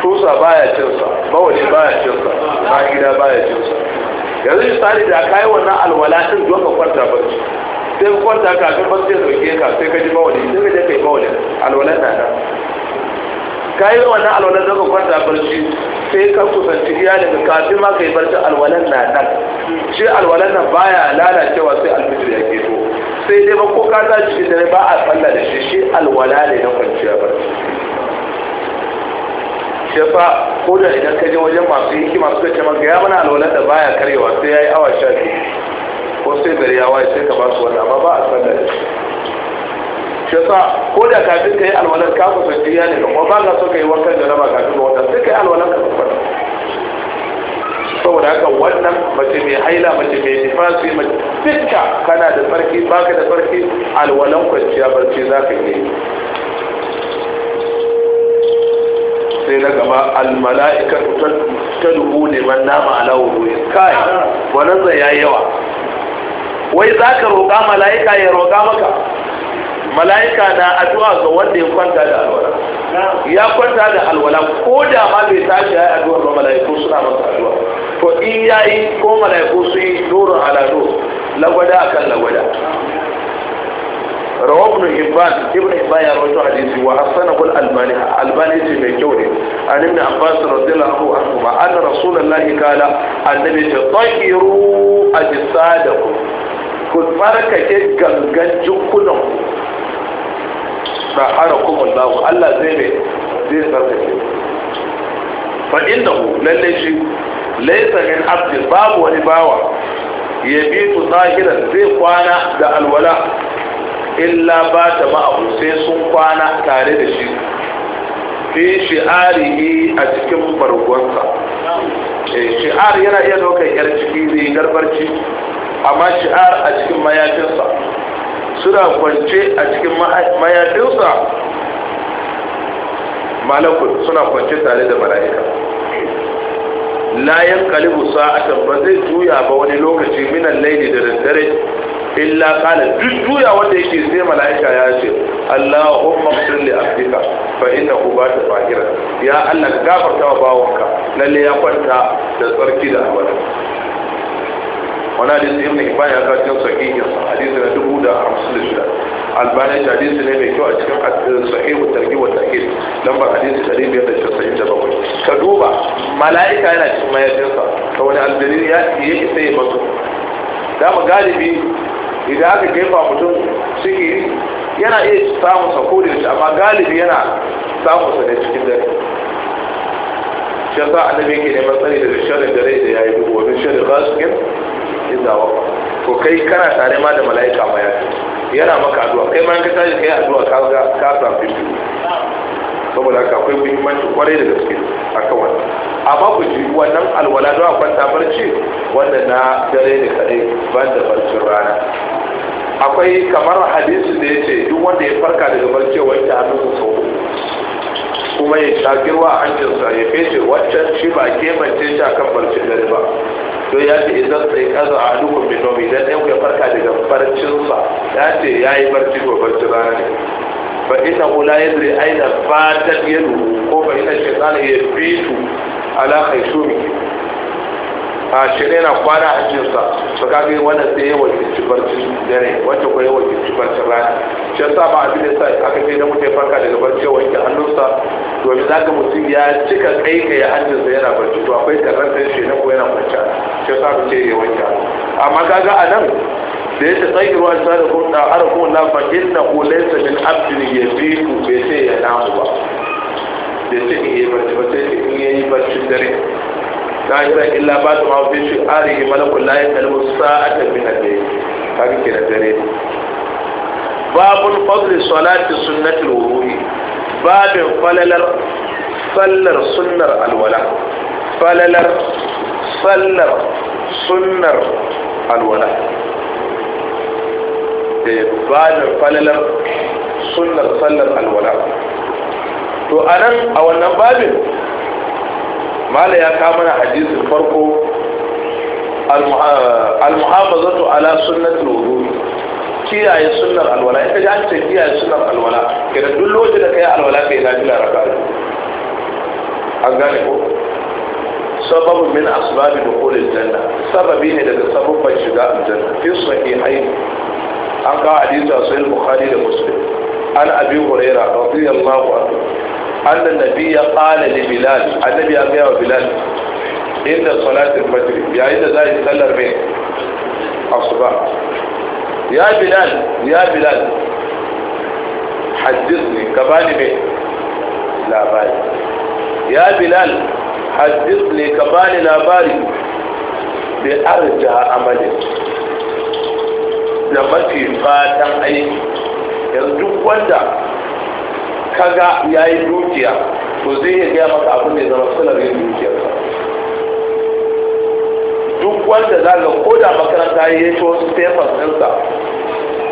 tusa baya cinsa bawali baya cinsa ma gida baya cinsa yanzu misali da kayi wannan alwala din zuwa ka kwanta barci sai ka kwanta kafin barci ya dauke ka sai ka ji bawali sai ka je kai bawali alwalan na da kayi wannan alwalan zuwa ka kwanta barci sai ka kusanci iyalinka kafin ma kai barci alwala na nan shi alwala nan baya lalacewa sai alfijir ya ke to sai dai ba ko ka tashi da ba a falla da shi shi alwala ne na kwanciya barci shi ko da idan ka wajen masu yanki masu ce maka ya mana alwalar da baya karyewa sai ya yi awa sha ko sai gari ya waye sai ka ba su wanda amma ba a sanda da shi yasa ko da kafin ka yi alwalar ka kusa jiya ne kuma ba ka so ka yi wankan jaraba kafin wata sai ka yi alwalar ka kusa saboda haka wannan mace mai haila mace mai nifasi mace dukka kana da sarki baka da sarki alwalan kwanciya barci za ka yi sai na gaba almala'ika ta dubu neman nama alawo ruwa kai wannan zai ya yawa wai za ka roƙa mala'ika ya roƙa maka mala'ika na addu'a ga wanda ya kwanta da alwala ya kwanta da alwala ko da ma bai tashi ya addu'a ba mala'iku suna masa addu'a to in yayi ko mala'iku su yi nurun ala nur lagwada akan lagwada rawa ibn hibban ibn hibban ya rawaito hadisi wa hasanahu al-albani albani ce mai kyau ne an ibn abbas radiyallahu anhu ma anna rasulullahi kala annabi ta tayyiru ajsadakum ku tsarkake gangan jikunan saharakum Allah Allah zai ne zai tsarkake fa innahu lalle shi laysa min Abdi babu wani bawa ya bi tsahiran zai kwana da alwala illa ba ta ma'abu sai sun kwana tare da shi fi shi'arihi a cikin bargonsa eh, shi'ar yana iya daukar yar ciki zai garbarci. amma shi'ar a cikin mayafinsa suna kwance a cikin mayafinsa malakul suna kwance tare da mala'ika layan kalibu sa'atan ba zai juya ba wani lokaci minan laili da daddare illa qala duk duya wanda yake sai malaika ya ce Allahumma ighfir li abdika fa innahu bata fahira ya Allah gafarta wa bawanka lalle ya kwanta da tsarki da abada wani hadisi ibn Hibban ya kawo cikin sahihin hadisi na dubu da hamsin da shida albani hadisi ne mai kyau a cikin sahihu targhib wa ta'kid lambar hadisi dari biyar da casa'in da bakwai ka duba mala'ika yana cikin mayafinsa ta wani aljiri ya yi sai ya masu dama galibi idan aka jefa mutum ciki yana iya samun sa ko da shi amma galibi yana samun sa da cikin dare shi yasa annabi yake neman tsari daga da dare da yayi duhu wajen sharrin gasukin inda wa Ko kai kana tare ma da mala'ika ma yana maka addu'a kai ma ka tashi kai addu'a ka ga ka samu saboda haka akwai muhimmanci kwarai da gaske akan wannan amma ku ji wannan alwala don a kwanta barci wanda na dare ne kaɗai ban da barcin rana akwai kamar hadisin da ya ce duk wanda ya farka daga barci wanke ko sau kuma ya shafirwa a hancinsa ya fece waccan shi ba ke mace shi akan barcin dare ba to ya ce idan sai kaza a dukkan binomi idan ɗan ya farka daga barcinsa ya ce ya yi barci ko barcin rana ne فإنه لا يدري أين فاتت يده وفإن الشيطان يبيت على خيشومه shirya na kwana a jinsa ka kaga wannan sai ya wakilci barci dare wacce ko ya wakilci barci rana shi sa ba abin da sa aka ce da muke farka daga barci wanke hannunsa domin zaka mutum ya cika kai ya hannunsa yana barci to akwai karrantar shi na ko yana kwanciya shi yasa aka ce ya wanke amma kaga a nan da ya tsayi ruwa ta da kuma da'ara ko la fa inna hu laysa min abdin yafitu bai sai ya namu ba bai sai in yi barci ba sai in yi barci dare sha'ira illa ba ta mafi shi arihi malakul la ya kalmu sa'atan min al-layl kaga ke da dare babul fadli salati sunnatul wudu'i babin falalar sallar sunnar alwala falalar sallar sunnar alwala da babin falalar sunnar sallar alwala to anan a wannan babin mala ya kawo mana hadisin farko al-muhafazatu ala sunnatul wudu kiyaye sunnar alwala ita ji ce kiyaye sunnar alwala kira duk lokacin da kai alwala kai na fila raka an gane ko sababin min asbabi dukhul aljanna sababi ne daga sababban shiga aljanna fi sahihain an kawo hadisi a sahih bukhari da muslim an abi hurairah radiyallahu anhu أن النبي قال لبلال النبي أمير بلال عند صلاة الفجر يا عند ذا سلر مين الصباح يا بلال يا بلال حدثني كبالي من لا بالي يا بلال حدثني كبالي لا بالي بأرجع عملي لما mafi أي aiki yanzu kaga ya yi dukiya to zai iya gaya maka abin da ya zama sanar yin dukiyarsa duk wanda za ga ko da makaranta ya yi to wasu ɗinsa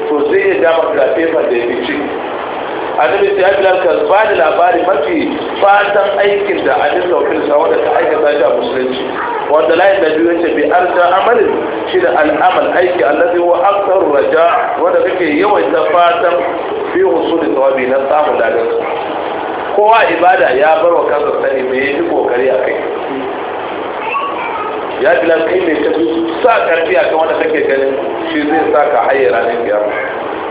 to zai iya gaya maka da da ya fi annabi sai bilal ka ba da labari mafi fatan aikin da annabi sauƙin sa wanda ta aikata a musulunci wanda layin da biyu yace bi ta amalin shi da al'amal aiki allazi wa akthar raja wanda kake yawaita fatan fi husuli thawabi na samu ladan kowa ibada ya bar wa kansa sani me yi kokari a kai ya bilal kai ne ka sa karfi akan wanda kake ganin shi zai saka hayyara ne biyar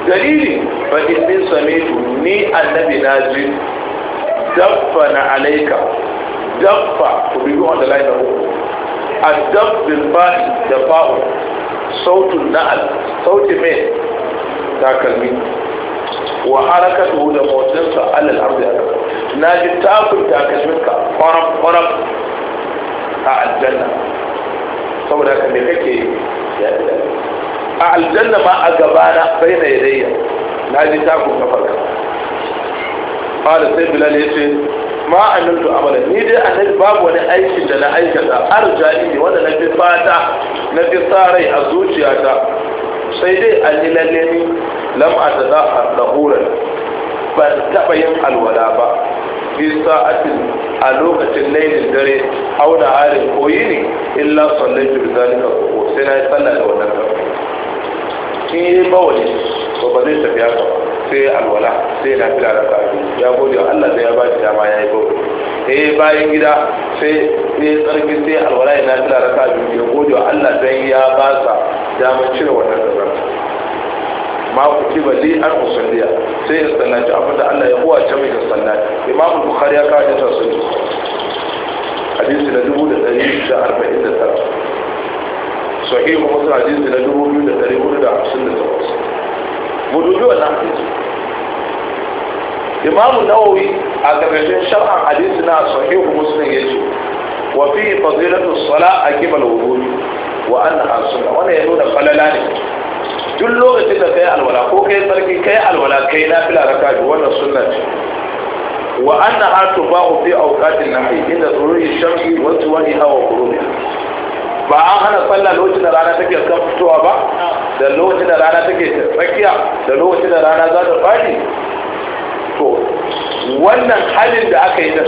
Dalilin fa inni samitu ni annabi na ji dabba na alaika dabba ku bi on the line of adab bil fa'i da fa'u sautun na'al sautin mai takalmi wa harakatu da motsinsa alal ardi na ji takun takalminka kwaram kwaram a aljanna saboda ka me kake ya fi a aljanna ma a gabana bai na yadayya na ji na farka. ƙwada sai bilal ya ce ma annabtu amala ni dai annabi babu wani aikin da na aikata har ne wanda na fi fata na fi sa rai a zuciyata sai dai an yi lalle ni lam a da za a ban taɓa yin alwala ba fi sa'atin a lokacin lainin dare auna harin koyi ne illa sallai jirgin zalika ko sai na yi sallah da wannan shi yi to ba zai tafi haka ba sai alwala sai na fila da kafi ya gode wa Allah sai ya ba shi dama ya yi gode eh bayan gida sai sai tsarki sai alwala ya na fila da kafi ya gode wa Allah sai ya ba sa damar cire wannan kasar ma ku ci ba li an usulliya sai ya sallaci abin da Allah ya huwace mai da sallaci imamu bukhari ya kawo da tasiri hadisi na dubu da ɗari da arba'in da tara sahihu musu hadisi na dubu biyu da ɗari hudu da hamsin da takwas mu dubi wannan hadisi imamu nawawi a ƙarƙashin shar'an hadisi na sahihu muslim ya ce wa fi fadilatu sala a kimal wuri wa annaha sunna wannan ya nuna falala ne duk lokacin da kai alwala ko kai sarki kai alwala kai na fila raka bi wannan sunna ce wa annaha tubahu fi awqatin nahi inda tsururi shamsi wa wani hawa qurubiha ba an hana sallah lokacin da rana take kan fitowa ba da lokacin da rana take tsakiya da lokacin da rana za ta fadi to wannan halin da aka yi da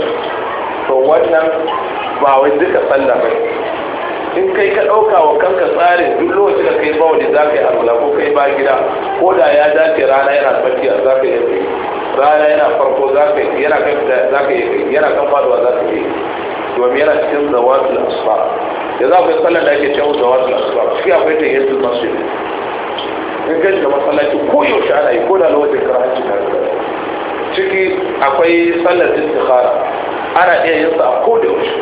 to wannan ba wai duka sallah ba in kai ka ɗauka wa kanka tsarin duk lokacin da kai wani za ka yi abu ko kai ba gida ko da ya dace rana yana tsakiya za ka yi rana yana farko za ka yi yana kan faduwa za ka yi domin yana cikin zawatul asfar da za akwai sallar da ake cewa fi a shi yin ta yesu yi in kan da masallaci ko yaushe ana yi ko da lokacin karhanci na ciki akwai sallar istikhara ana iya yin sa a ko da yaushe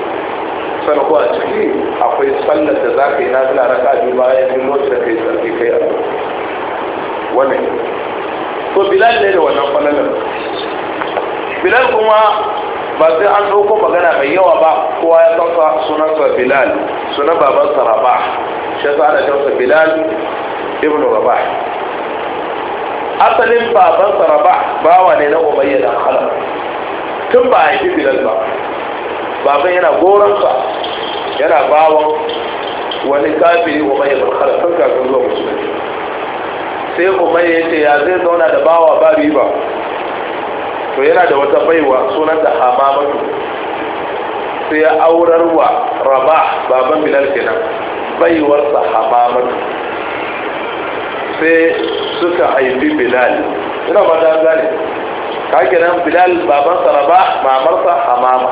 sannan ko ciki akwai sallar da za ka yi nazila na kaji bayan yin lokacin da yi sarki kai a wannan to bilal ne da wannan falalar bilal kuma ba sai an ɗauko magana mai yawa ba kowa ya ɗauka sunansa bilal sunan babansa rabah shi yasa ana kansa bilal ibnu rabah asalin babansa rabah bawa ne na umayya dan khalaf tun ba a yi bilal ba baban yana goransa yana bawan wani kafiri umayya dan khalaf tun kafin zuwa musulunci sai umayya ya ce ya zai zauna da bawa ba riba to yana da wata baiwa sunanta hamamatu sai ya aurar wa raba baban bilal kenan baiwarsa hamamatu sai suka haifi bilal ina ba ta gane ka kenan bilal babansa raba mamarsa hamama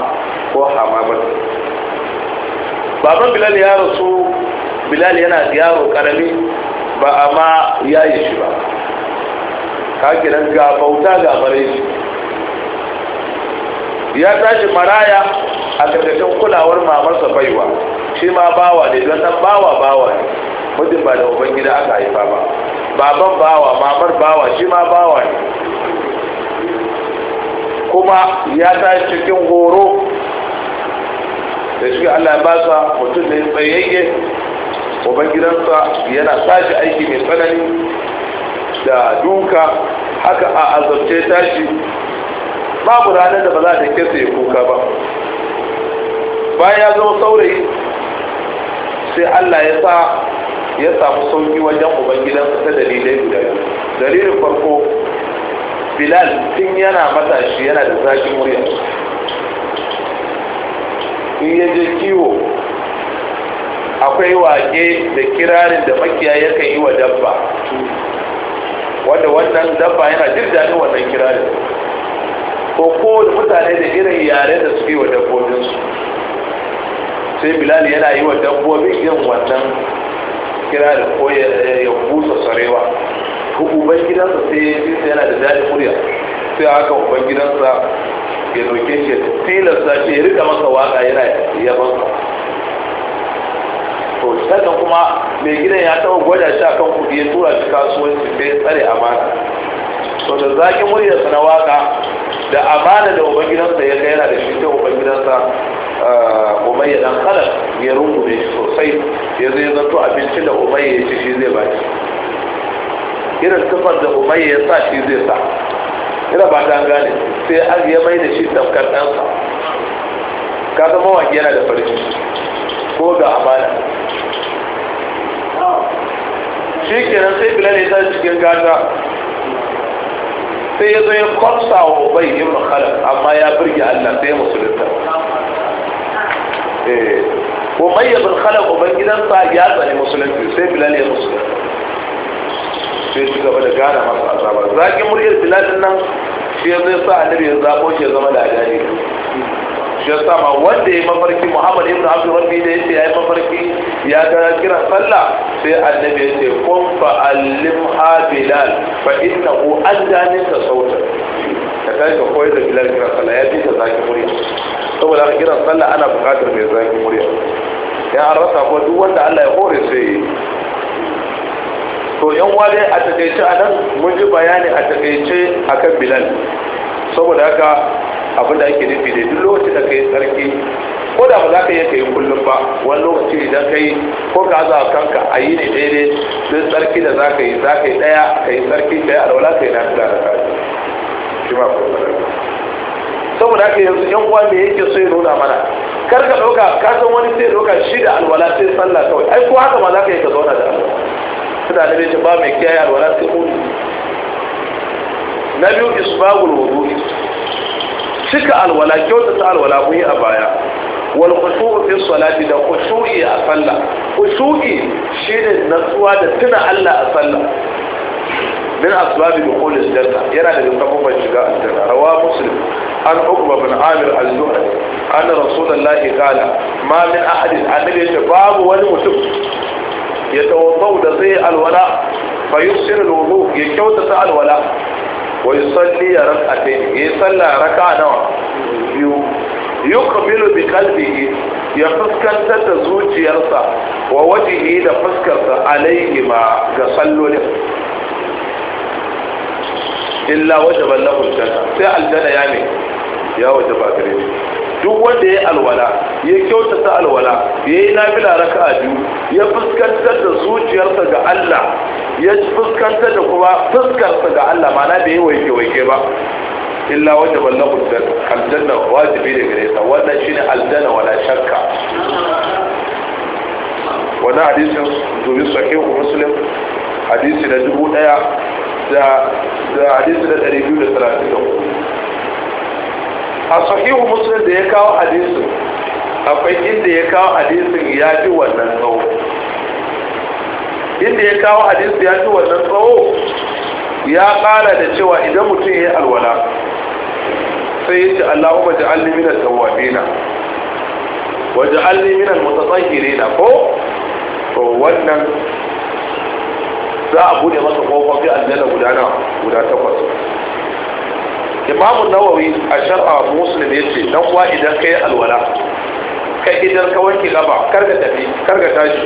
ko hamamatu baban bilal ya rasu bilal yana yaro karami ba a ma yayi shi ba ka kenan ga bauta ga bare shi ya tashi maraya a ƙarƙashin kulawar mamarsa baiwa shi ma bawa ne don nan bawa bawa ne mutum ba da gida aka haifa ba baban bawa mamar bawa shi ma bawa ne kuma ya tashi cikin horo da shi Allah ba sa mutum ne tsayayye gidansa yana tashi aiki mai tsanani da duka haka a azabce tashi babu ranar da ba za ta kesa ya kuka ba bayan ya zama saurayi sai allah ya sa ya samu sauki wajen ubangidansa ta dalilai guda biyu dalilin farko bilal tun yana matashi yana da zafin murya in ya je kiwo akwai wake da kirarin da makiya yakan yi wa dabba wanda wannan dabba yana jin daɗin wannan kirarin ko kowane mutane da irin yare da suke wa dabbobinsu sai bilal yana yi wa dabbobin yin wannan kira da da ya busa sarewa Hukuban gidansa sai ya fi yana da dadi murya sai haka hukuban gidansa ya doke shi tilasta shi ya rika masa waka yana yaban to sannan kuma mai gidan ya taɓa gwada shi akan kuɗi ya tura shi kasuwanci sai ya tsare amana to da zaƙin muryarsa na waka da amana da ubangidansa ya kai yana da shi sai ubangidansa uh, umayya dan kalar ya rungume shi sosai ya zai zanto abincin da umayya ya ci shi zai baki irin sifar da umayya ya sa shi zai sa ina ba ta gane sai an ya mai da shi tamkar ɗansa ka ga mawaƙi yana da farki ko ga amana shi kenan sai bilal ya sa cikin gata sai ya zo ya kwamsa wa ubai ibn khalaf amma ya birge Allah sai musulunta eh ubai ibn khalaf uban gidansa ya tsani musulunci sai bilal ya musulunta sai shi gaba da gana masa azaba zakin muryar bilal nan shi ya zai sa annabi ya zabo shi ya zama da adani shi yasa ma wanda ya mafarki muhammad ibn abdul rabbi da yace yayi mafarki ya ga kira sallah sai annabi yace kun fa allim ha bilal fa innahu adani ta sauta ka kai ka koyar da bilal kira sallah ya ji ta zaki murya saboda haka kira sallah ana buƙatar mai zaki murya ya an ko duk wanda Allah ya hore sai yi to yan wale a takaice a nan mun ji bayani a takaice akan bilal saboda haka abin da ake nufi da duk lokacin da ka yi tsarki ko da ba za ka yi ka yi kullum ba wani lokaci idan ka yi ko ka za kanka a yi ne daidai duk tsarki da za ka yi za ka yi ɗaya ka yi tsarki ka yi alwala ka yi na kula da kaji shi ma ko saboda aka yanzu yan uwa me yake so ya nuna mana kar ka ɗauka ka san wani sai ɗauka shi da alwala sai sallah kawai ai ko haka ma za ka yi ka zauna da alwala suna da ce ba mai kiyaye alwala sai mutu na biyu isbagul wudu'i cika alwala kyautata alwala mun yi a baya wal khushu'u fi salati da khushu'i a sallah khushu'i shine natsuwa da tuna Allah a sallah من أسباب دخول الجنة يرى الذي تقوم شجاع الجنة رواه مسلم عن عقبة بن عامر الزهري أن رسول الله قال ما من أحد عمل شباب والمتب يتوضأ دقيق الولاء فيحسن الوضوء يكوت الولاء ويصلي ركعتين يصلى إيه ركعة نوع يقبل بقلبه يفسكنت تزوج يرسى ووجهه لفسكنت عليهما كصلوا له إلا وجب له الجنة سأل الجنة يعني يا وجب أكريم duk wanda ya alwala ya kyautata alwala ya yi nafila a biyu ya fuskantar da zuciyarsa ga Allah ya fuskantar da kuma fuskarsa ga Allah mana bai yi waike waike ba illa wanda ballahu aljanna wajibi da gare sa wannan shine aljanna wala shakka wannan hadisin domin sahihu muslim hadisi na dubu daya da hadisi na ɗari biyu da talatin da a sahihu muslim da ya kawo hadisin akwai inda ya kawo hadisin ya ji wannan tsawo inda ya kawo hadisin ya ji wannan tsawo ya kara da cewa idan mutum ya yi alwala sai ya ce allahumma ja'alni minal tawwabina wa ja'alni minal mutatahhirina ko to wannan za a bude masa kofofi aljanna guda na guda takwas imamun nawawi a shar'a muslim ya ce dan kuwa idan ka yi alwala ka idan ka wanke gaba kar ka tafi kar ka tashi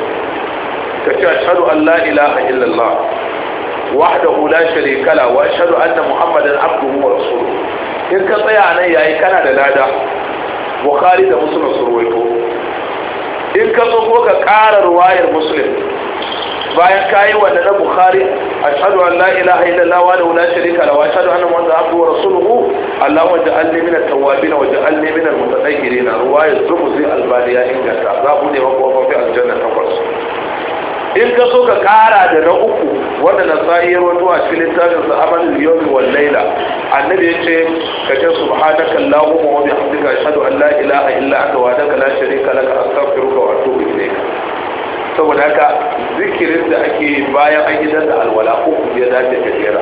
ka ce ashhadu an la ilaha illallah wahdahu la sharika la wa ashhadu anna muhammadan abduhu wa rasuluhu in ka tsaya nan yayi kana da lada bukhari da muslim su ruwaito in ka zo ko ka ƙara ruwayar muslim bayan kayi wanda na bukhari ashhadu an la ilaha illallah wa la sharika lahu wa ashhadu anna wanda abduhu wa rasuluhu allahumma ja'alni min at-tawwabin wa ja'alni min al-mutatahhirin ruwaya zumuzi albaniya inganta za ku ne makofofi aljanna takwas in ka so ka kara da na uku wanda na sa'i ya rawato a cikin littafin sa amal yawmi wal layla annabi ce ka ce subhanaka allahumma wa bihamdika ashhadu an la ilaha illa anta wa la sharika laka astaghfiruka wa saboda haka zikirin da ake bayan an yi da alwala ko ku ya dace ka jera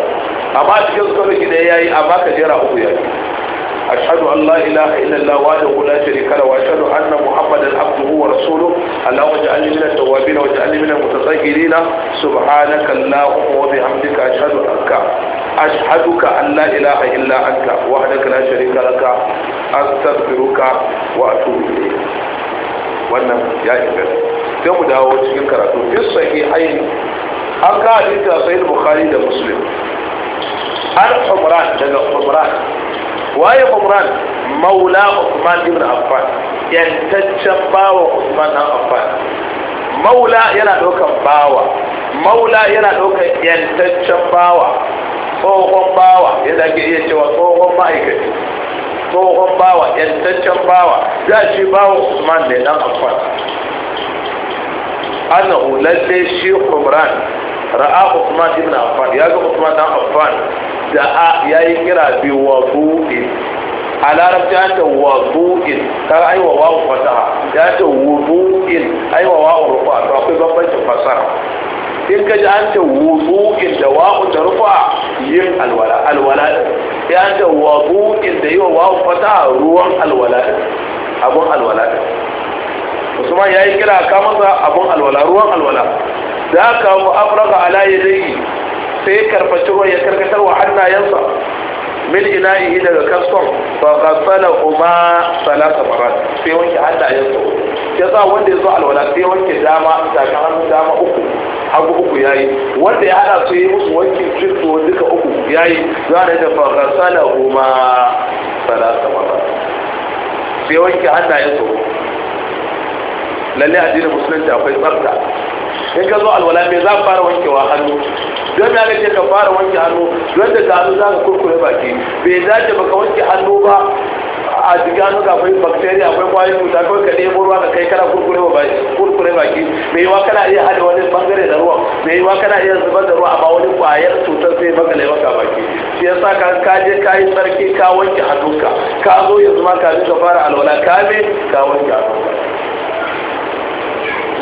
amma a cikin sunan gida ya yi amma ka jera uku ya yi ashhadu an la ilaha illallah wahdahu la sharika lahu wa ashhadu anna muhammadan abduhu wa rasuluhu allahumma ij'alni min at-tawwabin wa ij'alni min al-mutatahhirin subhanaka allahumma wa bihamdika ashhadu anka ashhaduka an la ilaha illa anta wahdaka la sharika laka astaghfiruka wa atubu ilayk wannan ya inganta sai mu dawo cikin karatu ke sahihain an ka hadita sahih bukhari da muslim an umran daga umran waye umran maula usman ibn affan yantaccen bawa usman dan affan maula yana daukan bawa maula yana daukan yantaccen bawa tsohon bawa yadda ake iya cewa tsohon ma'aikaci tsohon bawa yantaccen bawa ya shi bawa usman ne dan affan ana lalle shi umran ra'a usman ibn afan ya ga usman dan afan da ya yi kira bi wa bu'in a larabci an ta wa bu'in ka aiwa wa fasaha ya ta wubu'in aiwa wa rufa to akwai bambancin fasaha in ka ji an ta wudu'in da wa'un da rufa yin alwala alwala ya an ta wudu'in da yi wa wa'un fata ruwan alwala abun alwala usman ya yi kira ka masa abun alwala ruwan alwala da ka mu afraga ala yadayi sai karfaci ruwan ya karkatar wa hannayensa min ina'ihi daga kaskon fa ghassala huma salasa marat sai wanke hannayen sa ya sa wanda ya zo alwala sai wanke dama tafin hannu dama uku hagu uku yayi wanda ya hada su yi musu wanke jirgo duka uku yayi za a da fa ghassala huma salasa marat sai wanke hannayen sa lalle addinin musulunci akwai tsafta in ka zo alwala me za fara wankewa hannu don ya aka ce ka fara wanke hannu don da ta hannu za ka kurkure baki bai za ba ka wanke hannu ba a jikin hannu akwai bakteriya akwai kwayoyin cuta kawai ka ɗaya ruwa ka kai kana kurkure baki kurkure baki mai yiwa kana iya hada wani bangare da ruwa mai yiwa kana iya zubar da ruwa amma wani kwayar cutar sai maka lai maka baki shi yasa ka ka je ka yi sarki ka wanke hannunka ka zo yanzu ma ka ka fara alwala ka me ka wanke hannunka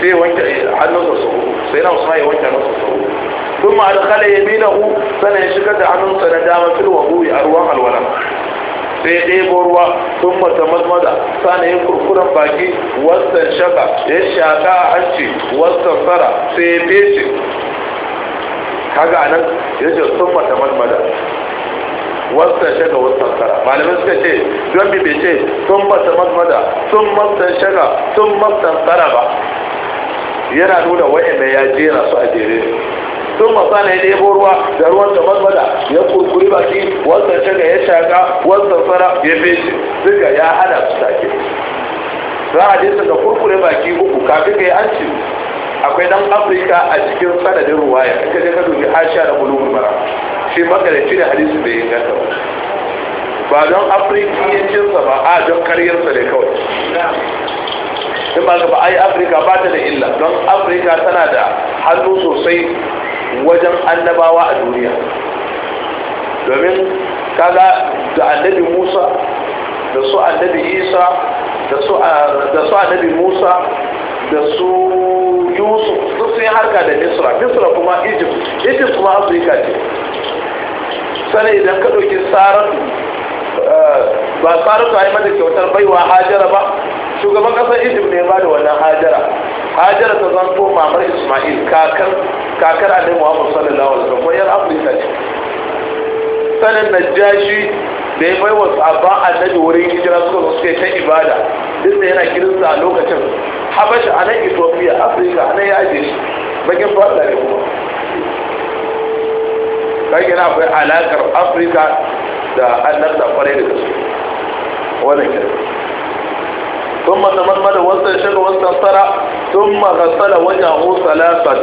sai wanke hannunka su sai na usman ya wanke hannunka su sun ma alkhala yaminahu sannan ya shigar da hannunsa na dama fil wabu'i a ruwan alwala sai ya ɗebo ruwa sun mata mazmada sana ya kurkuren baki wasan shaka ya shaka a hanci wasan fara sai ya fece kaga a nan ya ce sun mata mazmada wasan shaka wasan fara Malamin suka ce don bi bai ce sun mata mazmada sun matan shaka sun matan fara ba yana nuna wa'in ya jera su a jere sun masana ya ɗebo ruwa da ruwan da mazmada ya kurkuri baki wannan shaga ya shaga wannan fara ya feshe duka ya hana su sake za a jinsa da kurkure baki uku kafin ka yi an ci akwai dan afirka a cikin sanadin ruwaya ka je ka dubi hasha da bulu mara shi makarici da hadisi bai inganta ba ba don jinsa ba a don karyarsa ne kawai in ba ba ai afirka ba ta da illa don afirka tana da hannu sosai wajen annabawa a duniya domin kaga da annabi musa da su annabi isa da su annabi musa da su yusuf su sun yi harka da misra misra kuma egypt egypt kuma afirka ce Sani idan ka ɗauki tsarar ba faruka ya mata kyautar baiwa hajara ba shugaban kasar egypt ne ba da wannan hajara hajara ta zan zanto mamar ismail kakar kakar annabi muhammad sallallahu alaihi wasallam wayar afirka ce sanin najashi da ya baiwa sabban annabi wurin hijira suka zo suka ta ibada duk da yana kirista a lokacin habasha a nan ethiopia afirka a nan ya ajiye shi bakin fasa ne kuma kai na akwai alakar afirka da annabta kwarai da gaske wannan kenan wasu تمضمض واستنشق واستنصر ثم wani وجهه salasa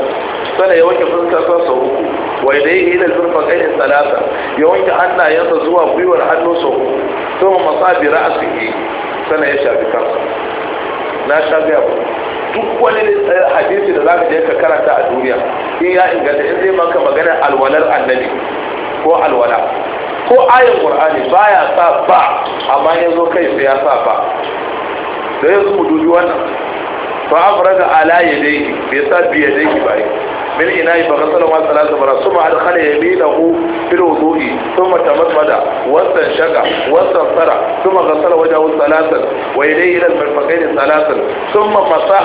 sana ya wanke fuskarsa sau uku wa ilaihi ila alfirqain thalatha ya wanke hannayensa zuwa gwiwar hannu sau uku thumma masa bi ra'sihi sana ya shafi kansa na shafi abu duk wani ne hadisi da zaka je ka karanta a duniya in ya inganta in zai maka maganar alwalar annabi ko alwala ko ayin qur'ani baya sa ba amma ya zo kai sai ya sa ba da yanzu mu dubi wannan fa afraga ala yadayhi bai sa bi yadayhi ba من إناء فغسله ثلاث مرات ثم أدخل يمينه في الوضوء ثم تمضمض واستنشق واستنصر ثم غسل وجهه ثلاثا ويديه إلى المرفقين ثلاثا ثم مسح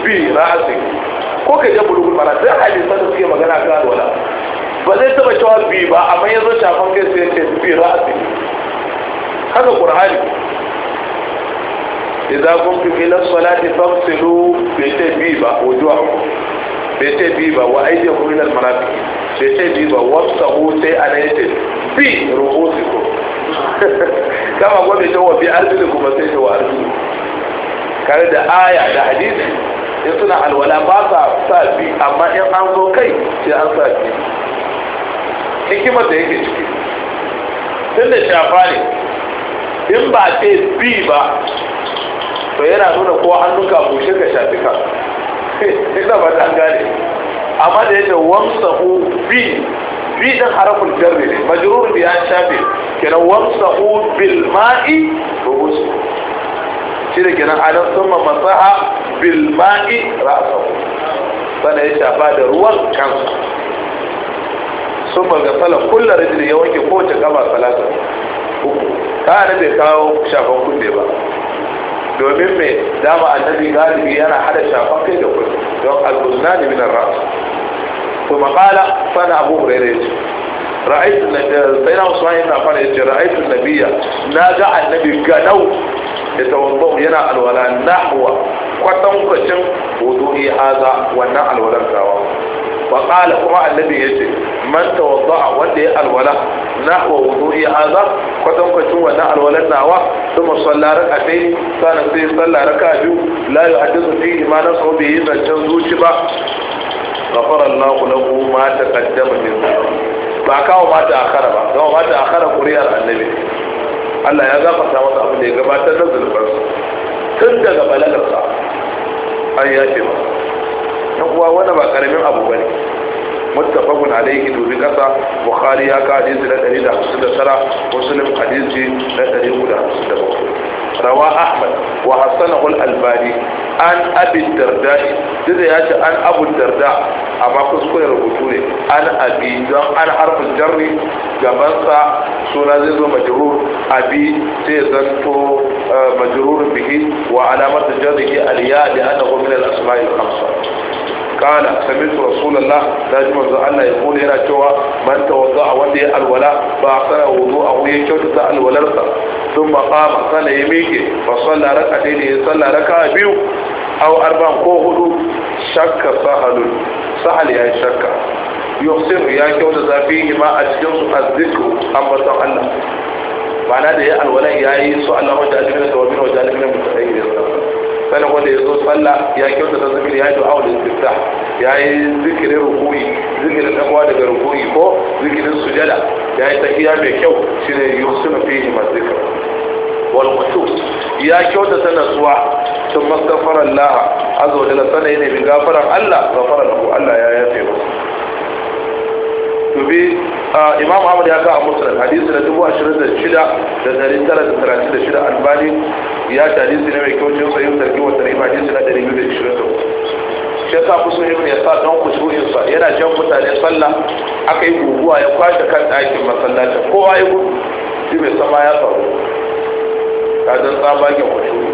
Bi, برأسه ko ka je bulugul mara sai hadisan da suke magana kan wala ba zai taba cewa bi ba amma ya zo shafan kai sai ce bi ra'asi haka qur'ani idza kuntum ila salati fagsilu bi tabi ba wujuhakum bi tabi ba wa aydiyakum ila al-marafiq bi tabi ba wafsahu sai alayta bi ru'usikum kama gobe ta wa bi arjulikum sai ta wa arjulikum kare da aya da hadisi in suna alwala ba sa sa bi amma in an zo kai sai an sa bi hikimar da yake ciki tun da shafa ne in ba ce bi ba to yana nuna ko hannunka bushe ka shafi ka ina ba ta gane amma da yadda wamsahu bi bi din harafin jarri ne majrur bi an shafe kenan wamsahu bil ma'i wa gusu shi da kenan adam summa masaha bil ma'i ra'sahu sannan ya shafa da ruwan kansa sun magasala kulla rijili ya wanke kowace gaba salata uku kana bai kawo shafan kunne ba domin mai dama annabi galibi yana hada shafan kai da kunne don al-buznani min ar-ra's kuma qala sana abu hurairah yace ra'aytu sayyidina usman ibn affan yace ra'aytu nabiyya naga annabi ganau ya tawaddau yana alwala nahwa kwatan kwacin wudu'i haza wannan alwalan kawa wa qala kuma annabi yace man tawadda'a wanda ya alwala nahwa wudu'i haza kwatan kwacin wannan alwalan nawa thumma salla rak'atayn sana sai salla raka'a biyu la yuhaddithu fihi ma nasu bihi zancan zuci ba غفر الله له ما تقدم من ذنبه ba kawo mata akara ba kawo annabi Allah ya gafarta masa abin da ya gabatar da su tun daga balagarsa an yafe masa yan uwa wani ba karamin abu bane muttafaqun alayhi dubi kasa bukhari ya ka hadisi na 159 muslim hadisi na 157 rawa ahmad wa hasanahu al-albani an abi darda dida ya ce an abu darda amma kuskure rubutu ne an abi don an harfin jarri gabansa suna zai zo majrur abi sai zanto eh, majrur bihi wa alamatu jarrihi al-ya li annahu min al-asma'i al-khamsa qala sami'tu rasulullah daji manzo Allah ya kula yana cewa man tawadda wanda ya alwala ba sai wudu'ahu ya kyautata alwalarsa ثم قام صلى يميكي فصلى ركعتين صلى ركعة بيو أو أربع كوهدو شك سهل سهل يا شك يخسر يا كيوتا فيه ما أجلس الذكر أما الله ma'ana da ya alwalan ya yi su Allah wa jalibin da wa min wa jalibin mutane da sanin wanda ya zo sallah ya kyauta ta zikiri ya yi du'a da istifta ya yi zikirin rukuyi zikirin dagowa daga rukuyi ko zikirin sujada ya yi tafiya mai kyau shi shine yusuf fihi mazikr wal qusur ya kyauta ta natsuwa tun mastaghfara Allah azza wa jalla sanai ne bin gafaran Allah ghafara lahu Allah ya yafe masa to bi imam Ahmad ya ga a musnad hadisi na dubu ashirin da da da da shida dari tara shida albani ya shari su ne mai kyau cin sayin sarki wata rima jin su na ɗari da ishirin da shi yasa ku so yin ya sa so yin sa yana jan mutane sallah aka yi guguwa ya kwashe kan ɗakin masallacin kowa ya gudu shi mai sama ya faru ka don tsabagen kusuri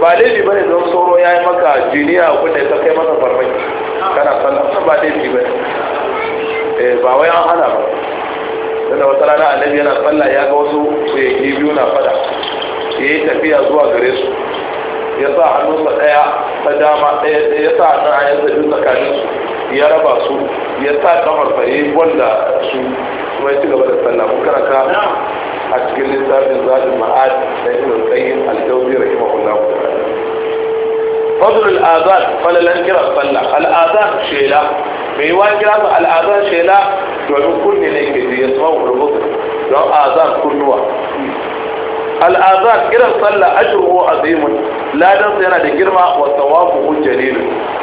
ba laifi ba ne don sauro ya yi maka jiniya wanda ya kai masa farmaki kana sallah wannan ba laifi ba ne eh, ba wai an hana ba da wata rana annabi yana sallah ya ga wasu kuyaki biyu na fada ايه تفيها زوا جريس يطاع نصر ايه قدامة ايه يطاع نعي يزجون لك عنيس يا ربا سو يطاع نمر فايه ولا سو ما يتقى بلا سلام وكان كان اتقل لسان من ذات المعاد لأنه القيم الجوزي رحمه الله فضل الآذان فلا لن كرا الآذان شيلا ميوان كرا الآذان شيلا جعلوا كل يسمعوا ربطه لو آذان كل نوع al'azan irin sallah ajruhu azimun ladan sa yana da girma wa thawabu jalil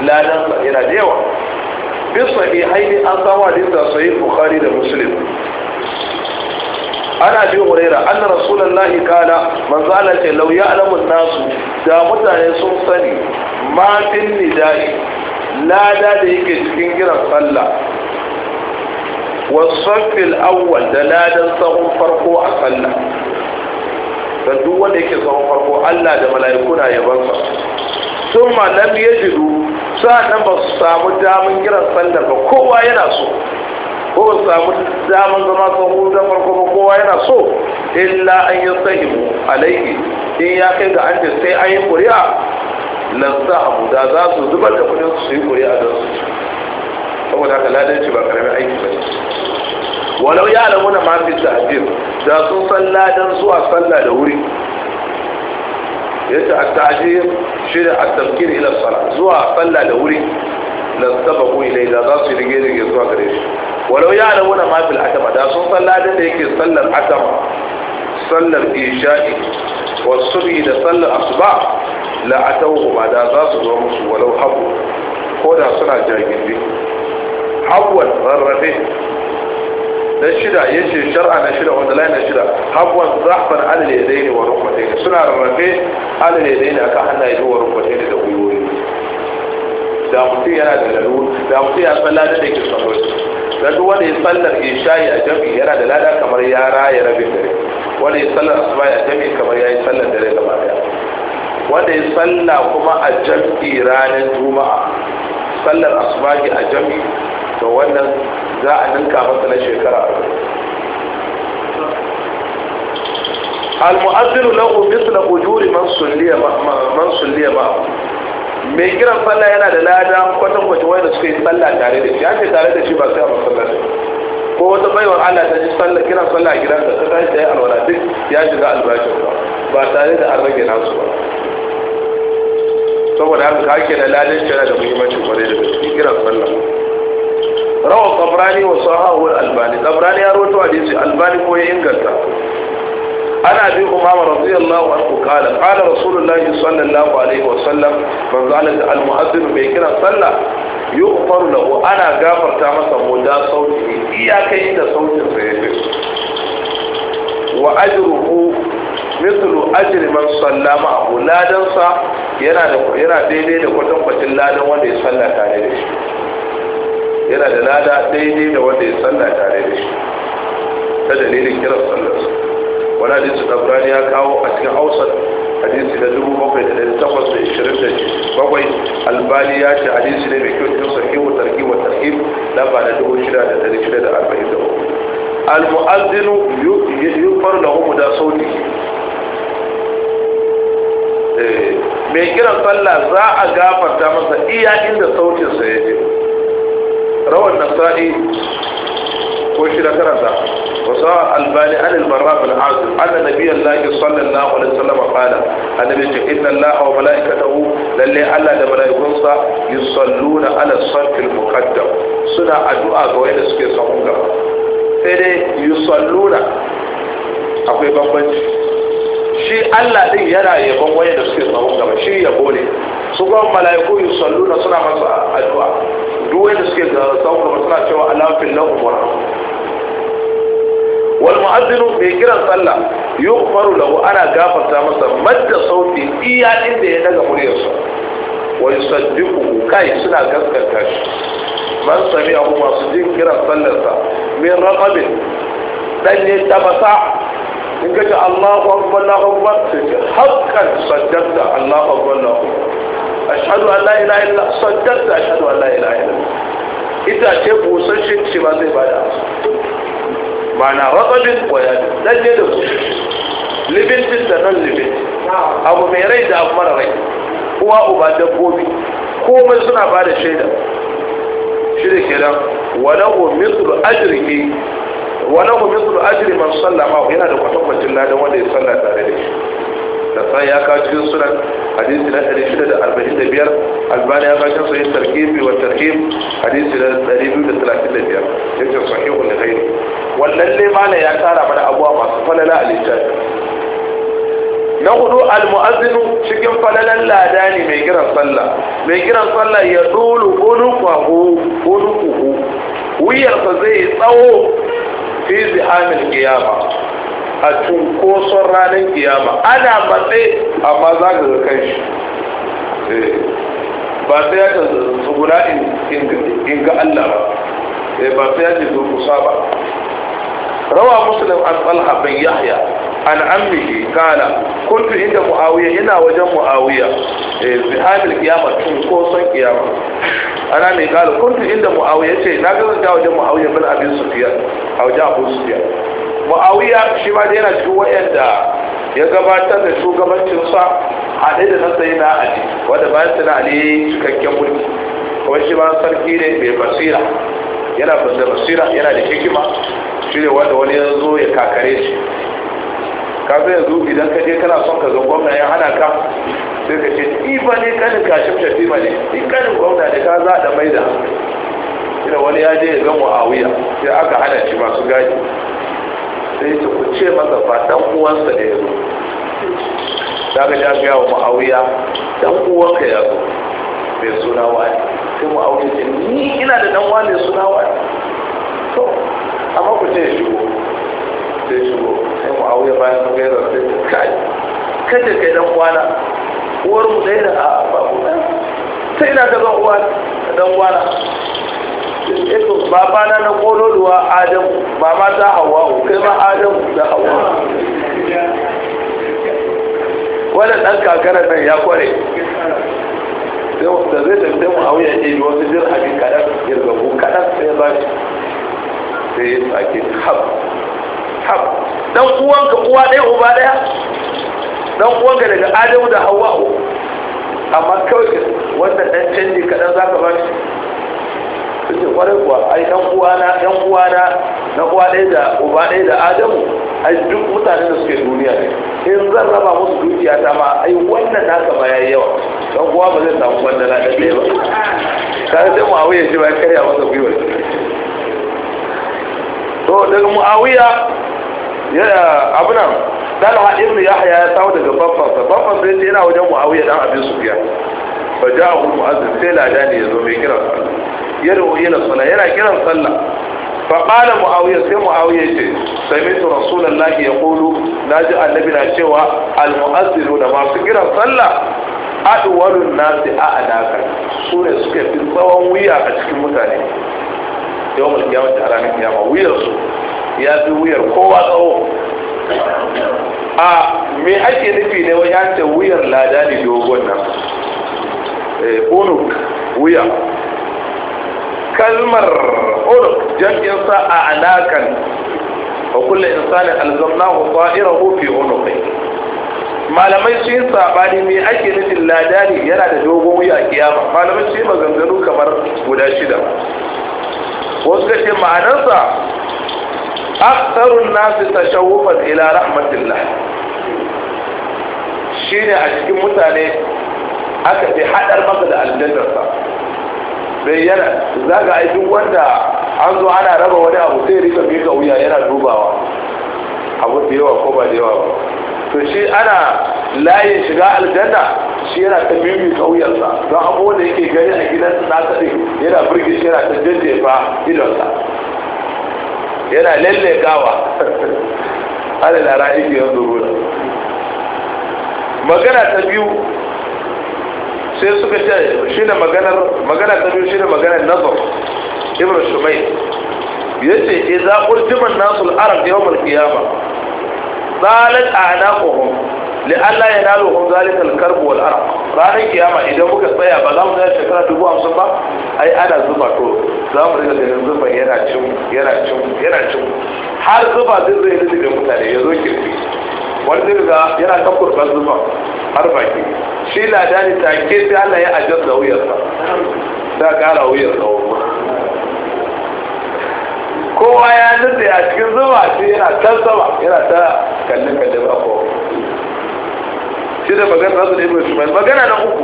ladan sa yana da yawa bi sahihaini an samu hadisi da sahih bukhari da muslim ana bi huraira anna rasulullahi kana manzo Allah ce lauya ya'lamu nasu da mutane sun sani ma fil nida'i lada da yake cikin kiran sallah wasafil awwal da ladan sahun farko a sallah don duk wanda yake zama farko Allah da mala'iku na sa sun ma nan lam yajidu sa'an ba su samu damin kiran sandar ba kowa yana so ko ba su samu damin zama sun hudu da farko ba kowa yana so illa an yi sahibu alaihi in ya kai ga an ce sai an yi kuri'a lansa abu da za su zubar da kudin su yi kuri'a don su saboda haka ladanci ba karamin aiki ba ne walau ya alamu na mafi tafiyar da sun san ladan zuwa sallah da wuri yace at-ta'jil shi da at-tafkir ila salat zuwa sallah da wuri la sababu ilai da za su rige rige zuwa gare shi walau ya alamu na mafi atama da sun san ladan da yake sallar atama sallar isha'i wa subhi da sallar asuba la atawhu ma da za su zo musu walau habu ko da suna jahilbi hawwan rarrafe na shida ya ce shar'a na shida wanda lai na shida habuwan zahban alal ne wa rukbatain suna rarrafe alal ne aka hannaye da wa ne da gwiwoyi da mutum yana da lalu da mutum ya tsalla da yake sallar da duk wanda ya sallar isha'i a jami yana da lada kamar ya raya rabin dare wanda ya sallar asuba a jami kamar ya yi sallar dare gaba daya wanda ya salla kuma a jami ranar juma'a sallar asubahi a jami to wannan za a ninka masa na shekara arba'in na lahu misla ujuri man sulliya man sulliya mai kiran sallah yana da lada kwatan kwatan wanda suka yi sallah tare da shi ya tare da shi ba sai a masallaci ko wata baiwar Allah ta ji sallah kiran sallah a gidansa ta tashi ta yi alwala duk ya shiga albashin ba tare da an rage nasu ba saboda haka kake da lalin yana da muhimmancin kwarai da gaske kiran sallah rawa qabrani wa sahahu albani qabrani ya wa hadisi albani ko ya inganta أنا أبي أمامة رضي الله عنه قال قال رسول الله صلى الله da وسلم من قال المؤذن بيكنا صلى يغفر له أنا غافر تامسا مدى صوته إياك إذا صوت سيده وأجره mithlu ajri man salla abu. ladan sa yana da yana daidai da kwatankwacin ladan wanda ya salla tare da shi yana da lada daidai da wanda ya salla tare da shi ta dalilin kiran sallarsa wani hadisi tabrani ya kawo a cikin hausar hadisi na dubu bakwai da dari takwas da ishirin da bakwai albani ya ce hadisi ne mai kyau cikin sarki wa tarki lamba da dubu shida da dari shida da arba'in da Al almu'azzinu yufar lahu da sauti Eh, mai kiran sallah za a gafarta masa iya inda saukinsa ya je rawar nasa'i ko shi da karanta wasu albani an ilmarra bin azu ana nabi allah ki sallan na wani sallama fada a nabi ce inna allah wa mala'ika ta'u lalle allah da mala'ikunsa yi sallu na ala sarfil mukaddam suna addu'a ga wani suke samun gaba sai dai yi akwai bambanci shi Allah din yana yabon waya da suke tsawon gaba shi yabo ne su kuma mala'iku suna masa addu'a duk da suke tsawon gaba suna cewa alafin lahu wa wal mu'azzinu mai kiran sallah yughfaru lahu ana gafarta masa madda sauti iya inda ya daga muryarsa wa yusaddiquhu kai suna gaskata shi man abu masu jin kiran sallarsa min raqabin dan ne tabasa in ka ce Allahu akbar Allahu akbar haqqan sajjada Allahu akbar Allahu ashhadu an la ilaha illa sajjada ashhadu an la ilaha illa ita ce busasshe ce ba zai bada ma'ana rabbin wa ya lalle da busasshe libintin da nan libintin abu mai rai da abu mara rai uwa uba dabbobi komai suna bada shaida shi da ke nan lahu mithlu ajrihi wala mu mithlu ajri man sallama. ma yana da kwatankwacin ladan wanda ya salla tare da shi da sai ya kawo cikin sunan hadisi na 645 albani ya kawo cikin sahih tarkibi wa tarhib hadisi na 235 yake sahihun da gairi wannan ne mana ya tara mana abuwa masu falala a littafi na hudu almu'azzinu cikin falalan lada ne mai kiran sallah mai kiran sallah ya dole gonuku gonuku wuyarsa zai tsawo fi zihamin kiyama a cunkoson ranar kiyama ana matse amma za ka ga kan shi eh, ba sai ya ta tsuguna in ga Allah ba eh, ba sai ya ta durkusa ba rawa Musulun an tsalha bin yahya an ammihi kana kuntu inda muawiya ina wajen muawiya fi eh, hamil kiyama tun ko son kiyama ana mai kala kuntu inda muawiya ce na ga zanta wajen muawiya bin abin sufiyan a wajen abu sufiyan muawiya shi ma da yana cikin wayanda ya gabatar da shugabancinsa haɗe da na sayi na ali wanda bayan sana ali cikakken mulki kuma shi ma sarki ne mai basira yana da basira yana da hikima shi ne wanda wani ya zo ya kakare shi ka zai yanzu idan ka je kana son ka zo gwamna ya hana ka sai ka ce ni ba ne kanin shi tafi ba ne ni kanin gwamna ne ka za da mai da ina wani ya je ya ga muawiya sai aka hana shi masu gadi sai ta ku ce masa ba dan uwansa da ya zo ga ya ga wa muawiya dan uwanka ya zo mai suna wani sai muawiya ce ni ina da dan wani suna wani to amma ku ce shi sai sai mu bayan gaira sai su kai kada kai dan kwana uwar mu dai da a ba ku sai ina ta uwa dan kwana eto eh, baba na na duwa adam mama ta hawa kai ma adam da hawa wannan dan kakarar nan ya kware da zai tafi mu a wuyan ɗaya wasu jirage kaɗan girgagu kaɗan sai ya ba shi sai ya sake haɓu hab dan uwanka uwa ɗaya uba ɗaya dan uwanka daga adamu da ko. amma kawai wannan dan canji kaɗan za ka ba shi suke kwarai kuwa ai dan uwana dan uwana na uwa ɗaya da uba ɗaya da adamu ai duk mutane da suke duniya ne in zan raba musu dukiya ta ma ai wannan naka ba yayi yawa dan uwa ba zai samu wannan na ɗaya ba kaga sai muawiya shi ba ya karya masa gwiwa to daga muawiya abinan talha ibn yahya ya samu daga babbansa babbansa ya ce yana wajen muawiya dan abin su biya. sufiya fa ja'ahu mu'azzin sai lada ne ya zo mai kiran sallah ya rubu yana sallah yana kiran sallah fa qala mu'awiyar sai mu'awiyar ce sami'tu rasulullahi yaqulu naji annabi na cewa al da masu kiran sallah adwalun nasi a'laka su ne suke fi tsawon wuya a cikin mutane yawon kiyama ta ranar kiyama su. ya fi wuyar kowa tsawo a me ake nufi ne wani an wuyar lada ne dogon nan unuk eh, wuya kalmar unuk jam'in sa a alakan wa kulle insanin alzamnahu ta'irahu fi unuqi malamai su yin sabani me ake nufin ladani yana da dogon wuya a kiyama malamai su yi maganganu kamar guda shida wasu ga ce ma'anarsa aktharun nasi tashawufan ila rahmatillah shine a cikin mutane aka fi hadar maka da aljannarsa bayyana za ga ai duk wanda an zo ana raba wani abu sai rika mika wuya yana dubawa abu da yawa ko ba yawa ba to shi ana layin shiga aljanna shi yana ta mimi kauyarsa don abubuwan da yake gani a gidan nasa ɗin yana birgin shi yana ta jajjefa idonsa yana lalle gawa, lallekawa alal yanzu yanzuruna magana ta biyu sai suka ce shi ne maganar magana ta biyu shi ne maganar nazar ibn shumai ya ce idza ultima nasul arab yawm al-qiyama zalat a'naquhum li Allah ya nalo hun zalikal karbu wal arq ranar kiyama idan muka tsaya ba za mu ga shekara dubu hamsin ba ai ana zuba to za mu riga ganin zuba yana cin yana cin yana cin har zuba zai yi lulluɓe mutane ya zo kirki wani zai riga yana kan kurban zuba har baki shi ta ke sai Allah ya ajasta wuyarsa ta kara wuyar tsawo kowa ya nutse a cikin zuba sai yana ta yana ta kalli kalli ba kowa duk da magana za su da ibn shuman magana na uku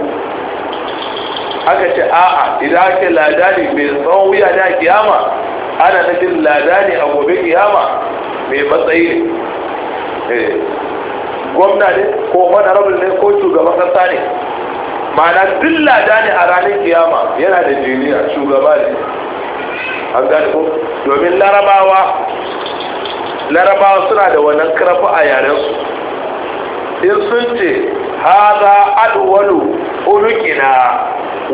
aka ce a'a idan ake ladani mai tsawon wuya da kiyama ana nufin ladani a gobe kiyama mai matsayi ne eh, gwamna ne ko rabin ne ko shugaban kasa ne ma'ana duk ladani a ranar kiyama yana da jiniya shugaba ne an gane ko domin larabawa larabawa suna da wannan karfi a yarensu in sun ce haza alwalu ulukina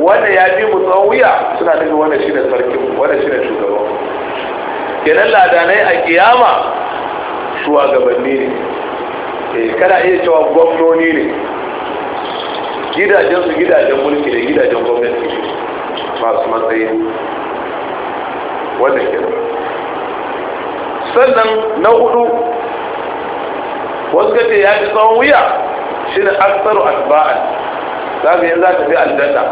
wanda ya bi mu tsawon wuya suna daga wanda shi ne sarkin wanda shi ne shugaban kenan ladanai a kiyama shugabanni ne eh, kana iya cewa gwamnoni ne gidajensu gidajen mulki ne gidajen gwamnati masu matsayi wanda kenan sannan na hudu wasu kace ya fi tsawon wuya shi ne aksaru asba'an za mu yi za ta fi aljanna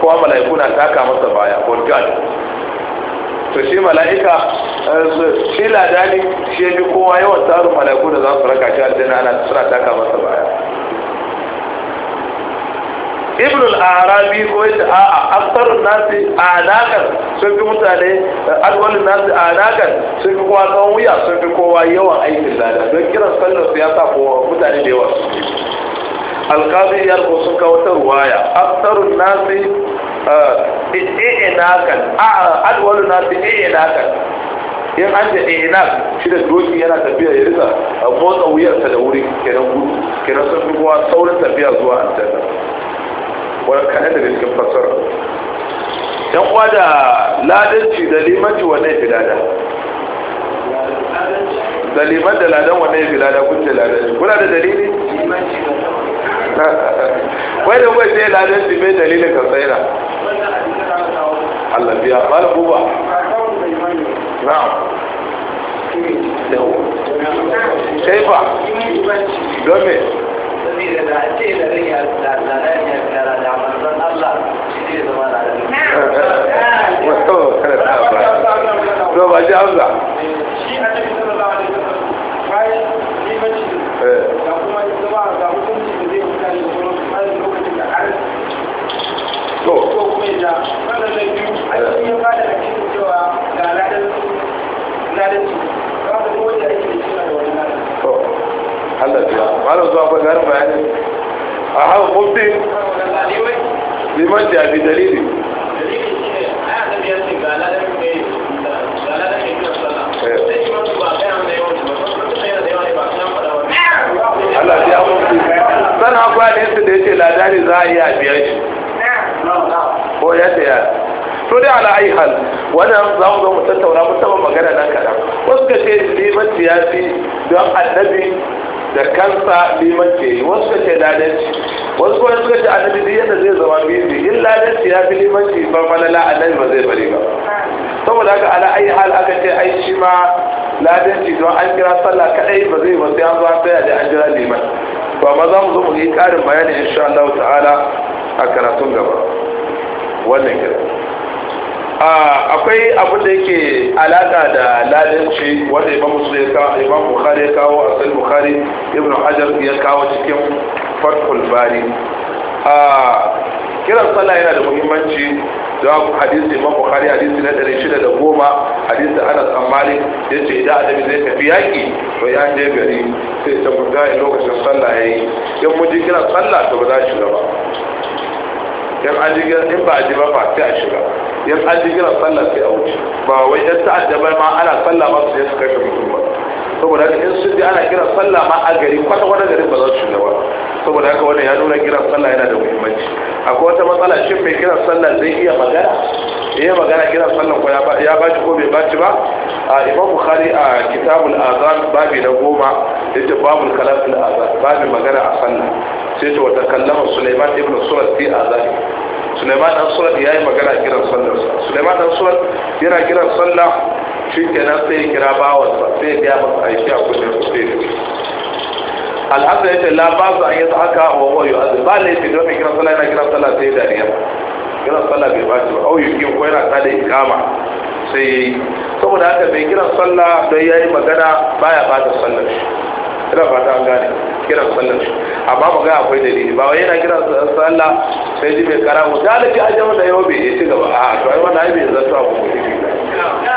ko mala'iku na taka masa baya godgad to shi mala'ika eh, shi ladani shi ya fi kowa yawan tsarin mala'iku da za su raka shi aljanna ana suna taka masa baya ibn al-arabi ko yace a'a aktharun nasi anakan sun fi mutane alwalin nasi anakan sun fi kowa tsawon wuya sun fi kowa yawan aikin lada don kiran sallar su ya sa kowa mutane da yawa su alkazi ya ko sun kawo ta ruwaya aktharun nasi eh, i'inakan alwalin nasi i'inakan in an da inak shi da doki yana tafiya ya a eh, motsa wuyarsa da wuri kenan gudu kenan sun fi kowa saurin tafiya zuwa tafiya wani kaɗan daga cikin fassara yan uwa da ladanci da limanci wanne ya fi dada, da liman da ladan wanne ya fi lada kun ce ladanci kuna da dalili wai da kuwa ce ladanci mai dalilin kan tsaira Allah biya Ba malam buba na'am yawo kaifa don me da da da ce manzon Allah shi ne zama lafiya wato kada ta ba to ba ji hamza shi a cikin sallallahu alaihi wasallam bayan limanci da kuma zama da hukunci da zai mutane da kuma tsarin lokacin da har to ko kuma ya sannan da biyu a cikin ya bada da cikin cewa ga ladan ladan su ba da kowace ake da cikin da wannan ladan to Allah ya ba malam zuwa ba garin bayani a hawa mufti liman da fi dalili Allah ya mutu san akwai hadisi da yake ladani za a iya biyar shi ko ya tsaya to dai ala ayi hal wannan za mu zo mu tattauna musamman magana nan kaɗan wasu ka ce liman siyasi don annabi da kansa limanci wasu ka ce ladanci wasu kuma suka ce annabi duk yadda zai zama bizi in ladanci ya fi limanci ba falala annabi ba zai bari ba saboda haka ala ayi hal aka ce ai shi ma ladanci don an kira sallah kadai ba zai ba sai an zo an tsaya da an jira liman to amma za mu zo mu yi karin bayani insha Allah ta'ala a karatun gaba wannan kira Ah, akwai abu da yake alaka da ladanci wanda imam muslim ya kawo imam bukhari ya kawo asal bukhari ibn hajar ya kawo cikin fathul bari ah, kiran sallah yana da muhimmanci da hadisi imam bukhari hadisi na 610 hadisi anas an malik ya ce idan adabi zai tafi yaki to ya je gari sai ta mutane lokacin sallah yayi in mun ji kiran sallah to ba za shi ba yan an jigira in ba a ji ba ba sai a shiga yan an jigira sallah sai a wuce ba wai yan ta'adda ba ma ana sallah ba su je su kashe mutum ba saboda haka in sun ji ana kiran sallah ma a gari kwata kwata garin ba za su shiga ba saboda haka wannan ya nuna kiran sallah yana da muhimmanci akwai wata matsala shin mai kiran sallah zai iya magana iya eh, magana kiran sallah ko ya baci ko bai baci ba a imam bukhari a kitabul azan babi na goma yace babul kalam azan babin magana a sallah sai ta wata kallama sulaiman ibn surat fi azan Suleiman dan ya yi magana kiran sallar Suleiman dan Surat yana kiran sallah shi kenan sai ya kira bawan sa sai ya ga masa aiki a kullum sai da al ya ce la ba su an yasa haka wa huwa yu'adhib ba ne shi don kiran sallah yana kiran sallah sai da dariya kiran sallah bai ba shi ba au yukin ko yana kada ikama sai ya yi. saboda haka bai kiran sallah don ya yi magana baya ba da sallar shi ina fata an gane kira sallan su amma ba ga akwai dalili ba wai yana kira sallah sai ji mai karamu da alaji a jama da bai yi ci gaba a to ai wannan ai bai zanto abu muhimmi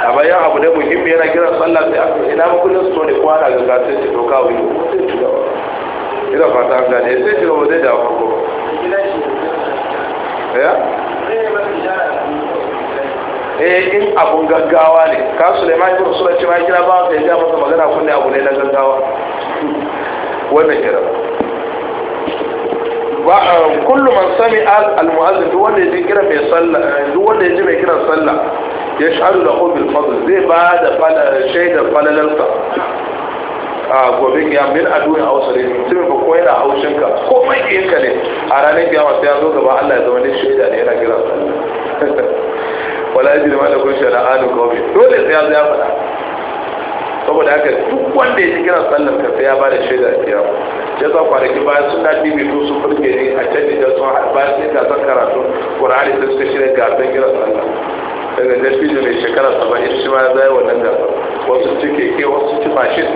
a bayan abu da muhimmi yana kira sallah sai aka ina ba kullun su ne ko ana ganga sai ci doka wani kira ci gaba ina fata an gane sai ci gaba zai da farko ya eh? eh in abun gaggawa ne ka Sulaiman ibn Sulaiman kira ba ka ya masa magana kunne abu ne na gaggawa wannan kira ba man sami al muazzin duk wanda yaji kira mai sallah eh, duk wanda yaji mai kira sallah ya shahadu da bil fadl zai ba da fala shaidar falalansa a gobe ya min duniya ausare ne mutumin ba ko yana haushin ka ko mai ka ne a ranar kiyama masu ya zo gaba Allah ya zama ne shaida ne yana kira sallah wala yajri ma lakum shara'anu qawmi dole sai ya zo ya faɗa saboda haka duk wanda ya ji kiran sallar ka sai ya ba da shaida biyar ya sa kwanaki bayan sun daɗi mai su furge ne a can da sun bayan sun gasar karatu ƙur'ani da suka shirya gasar kiran sallar daga dattijo mai shekara saba'in shi ma zai wannan gasar wasu ci keke wasu ci mashin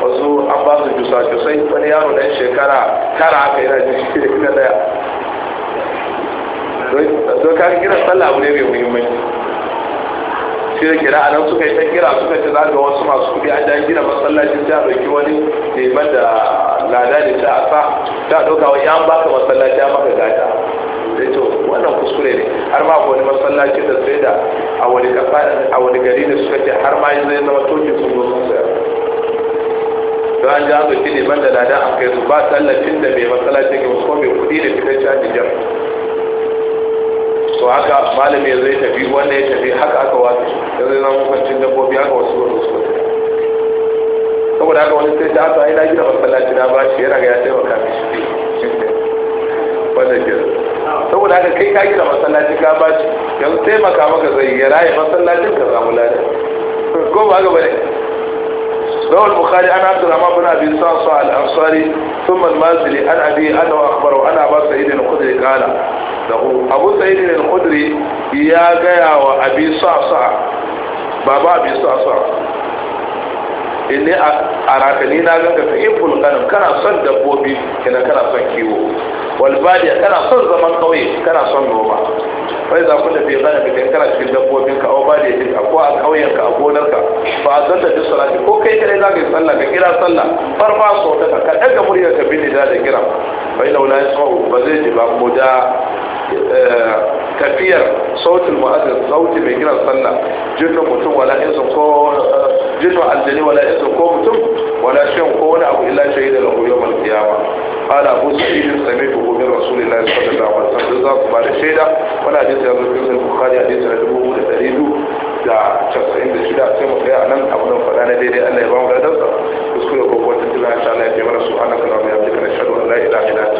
wasu an ba su jusa jusai wani yaro ɗan shekara tara aka yana jin shi da kira ɗaya don ka kiran sallah abu ne mai muhimmanci sai da kira a nan suka yi ta kira suka ci zaga wasu masu kuɗi a jan gina masallacin ta ɗauki wani neman da lada da ta asa ta ɗauka wani an baka masallaci an maka gata sai to wannan kuskure ne har ma wani masallaci da sai da a wani kasa a wani gari ne suka ce har ma zai zama tokin sun zo sun sayar don an ja ɗauki neman da lada an kai su ba tallafin da mai masallacin ko mai kuɗi da fitar cajin jami'a to haka malami ya zai tafi wanda ya tafi haka aka wasu ya zai zama kwancin dabbobi haka wasu wani wasu saboda haka wani sai ta haka ina gina masallaci na ba shi yana ga ya taimaka mai shi ne wanda ke saboda haka kai ka gina masallaci ka ba shi yanzu taimaka maka zai ya raye masallacin ka samu lada ko ba ga bane روى البخاري عن عبد الرحمن بن ابي صعصع الانصاري ثم المازلي عن ابي انا اخبره انا ابا سعيد الخدري قال lahu abu sa'id al-khudri ya gaya wa abi sa'sa baba abi sa'sa inni a rakani na ga kafa ibul kanin kana son dabbobi kina kana son kiwo walbadiya kana son zaman kauye kana son noma fa za ku da bai zana da kana cikin dabbobin ka obadiya din ko a kauyen ka a gonar ka a azan da salati ko kai kai za ka yi sallah ka kira sallah farfa so ta ka daga muryar ka bin da da kira fa ina wala tsawo ba zai ji ba ko da eh, tafiyar sautin mu'azzin sautin mai kiran sallah jinnu mutum wala insu ko jinnu aljani wala halitta ولا mutum قول shan إلا شهيد abu يوم القيامة قال أبو سعيد من رسول الله صلى الله عليه وسلم da shaida wani hadisi ya zo cikin da casa'in da shida sai mu tsaya nan abu nan faɗa na daidai Allah ya ba mu da kuskure ko kuwa Allah ya su ana da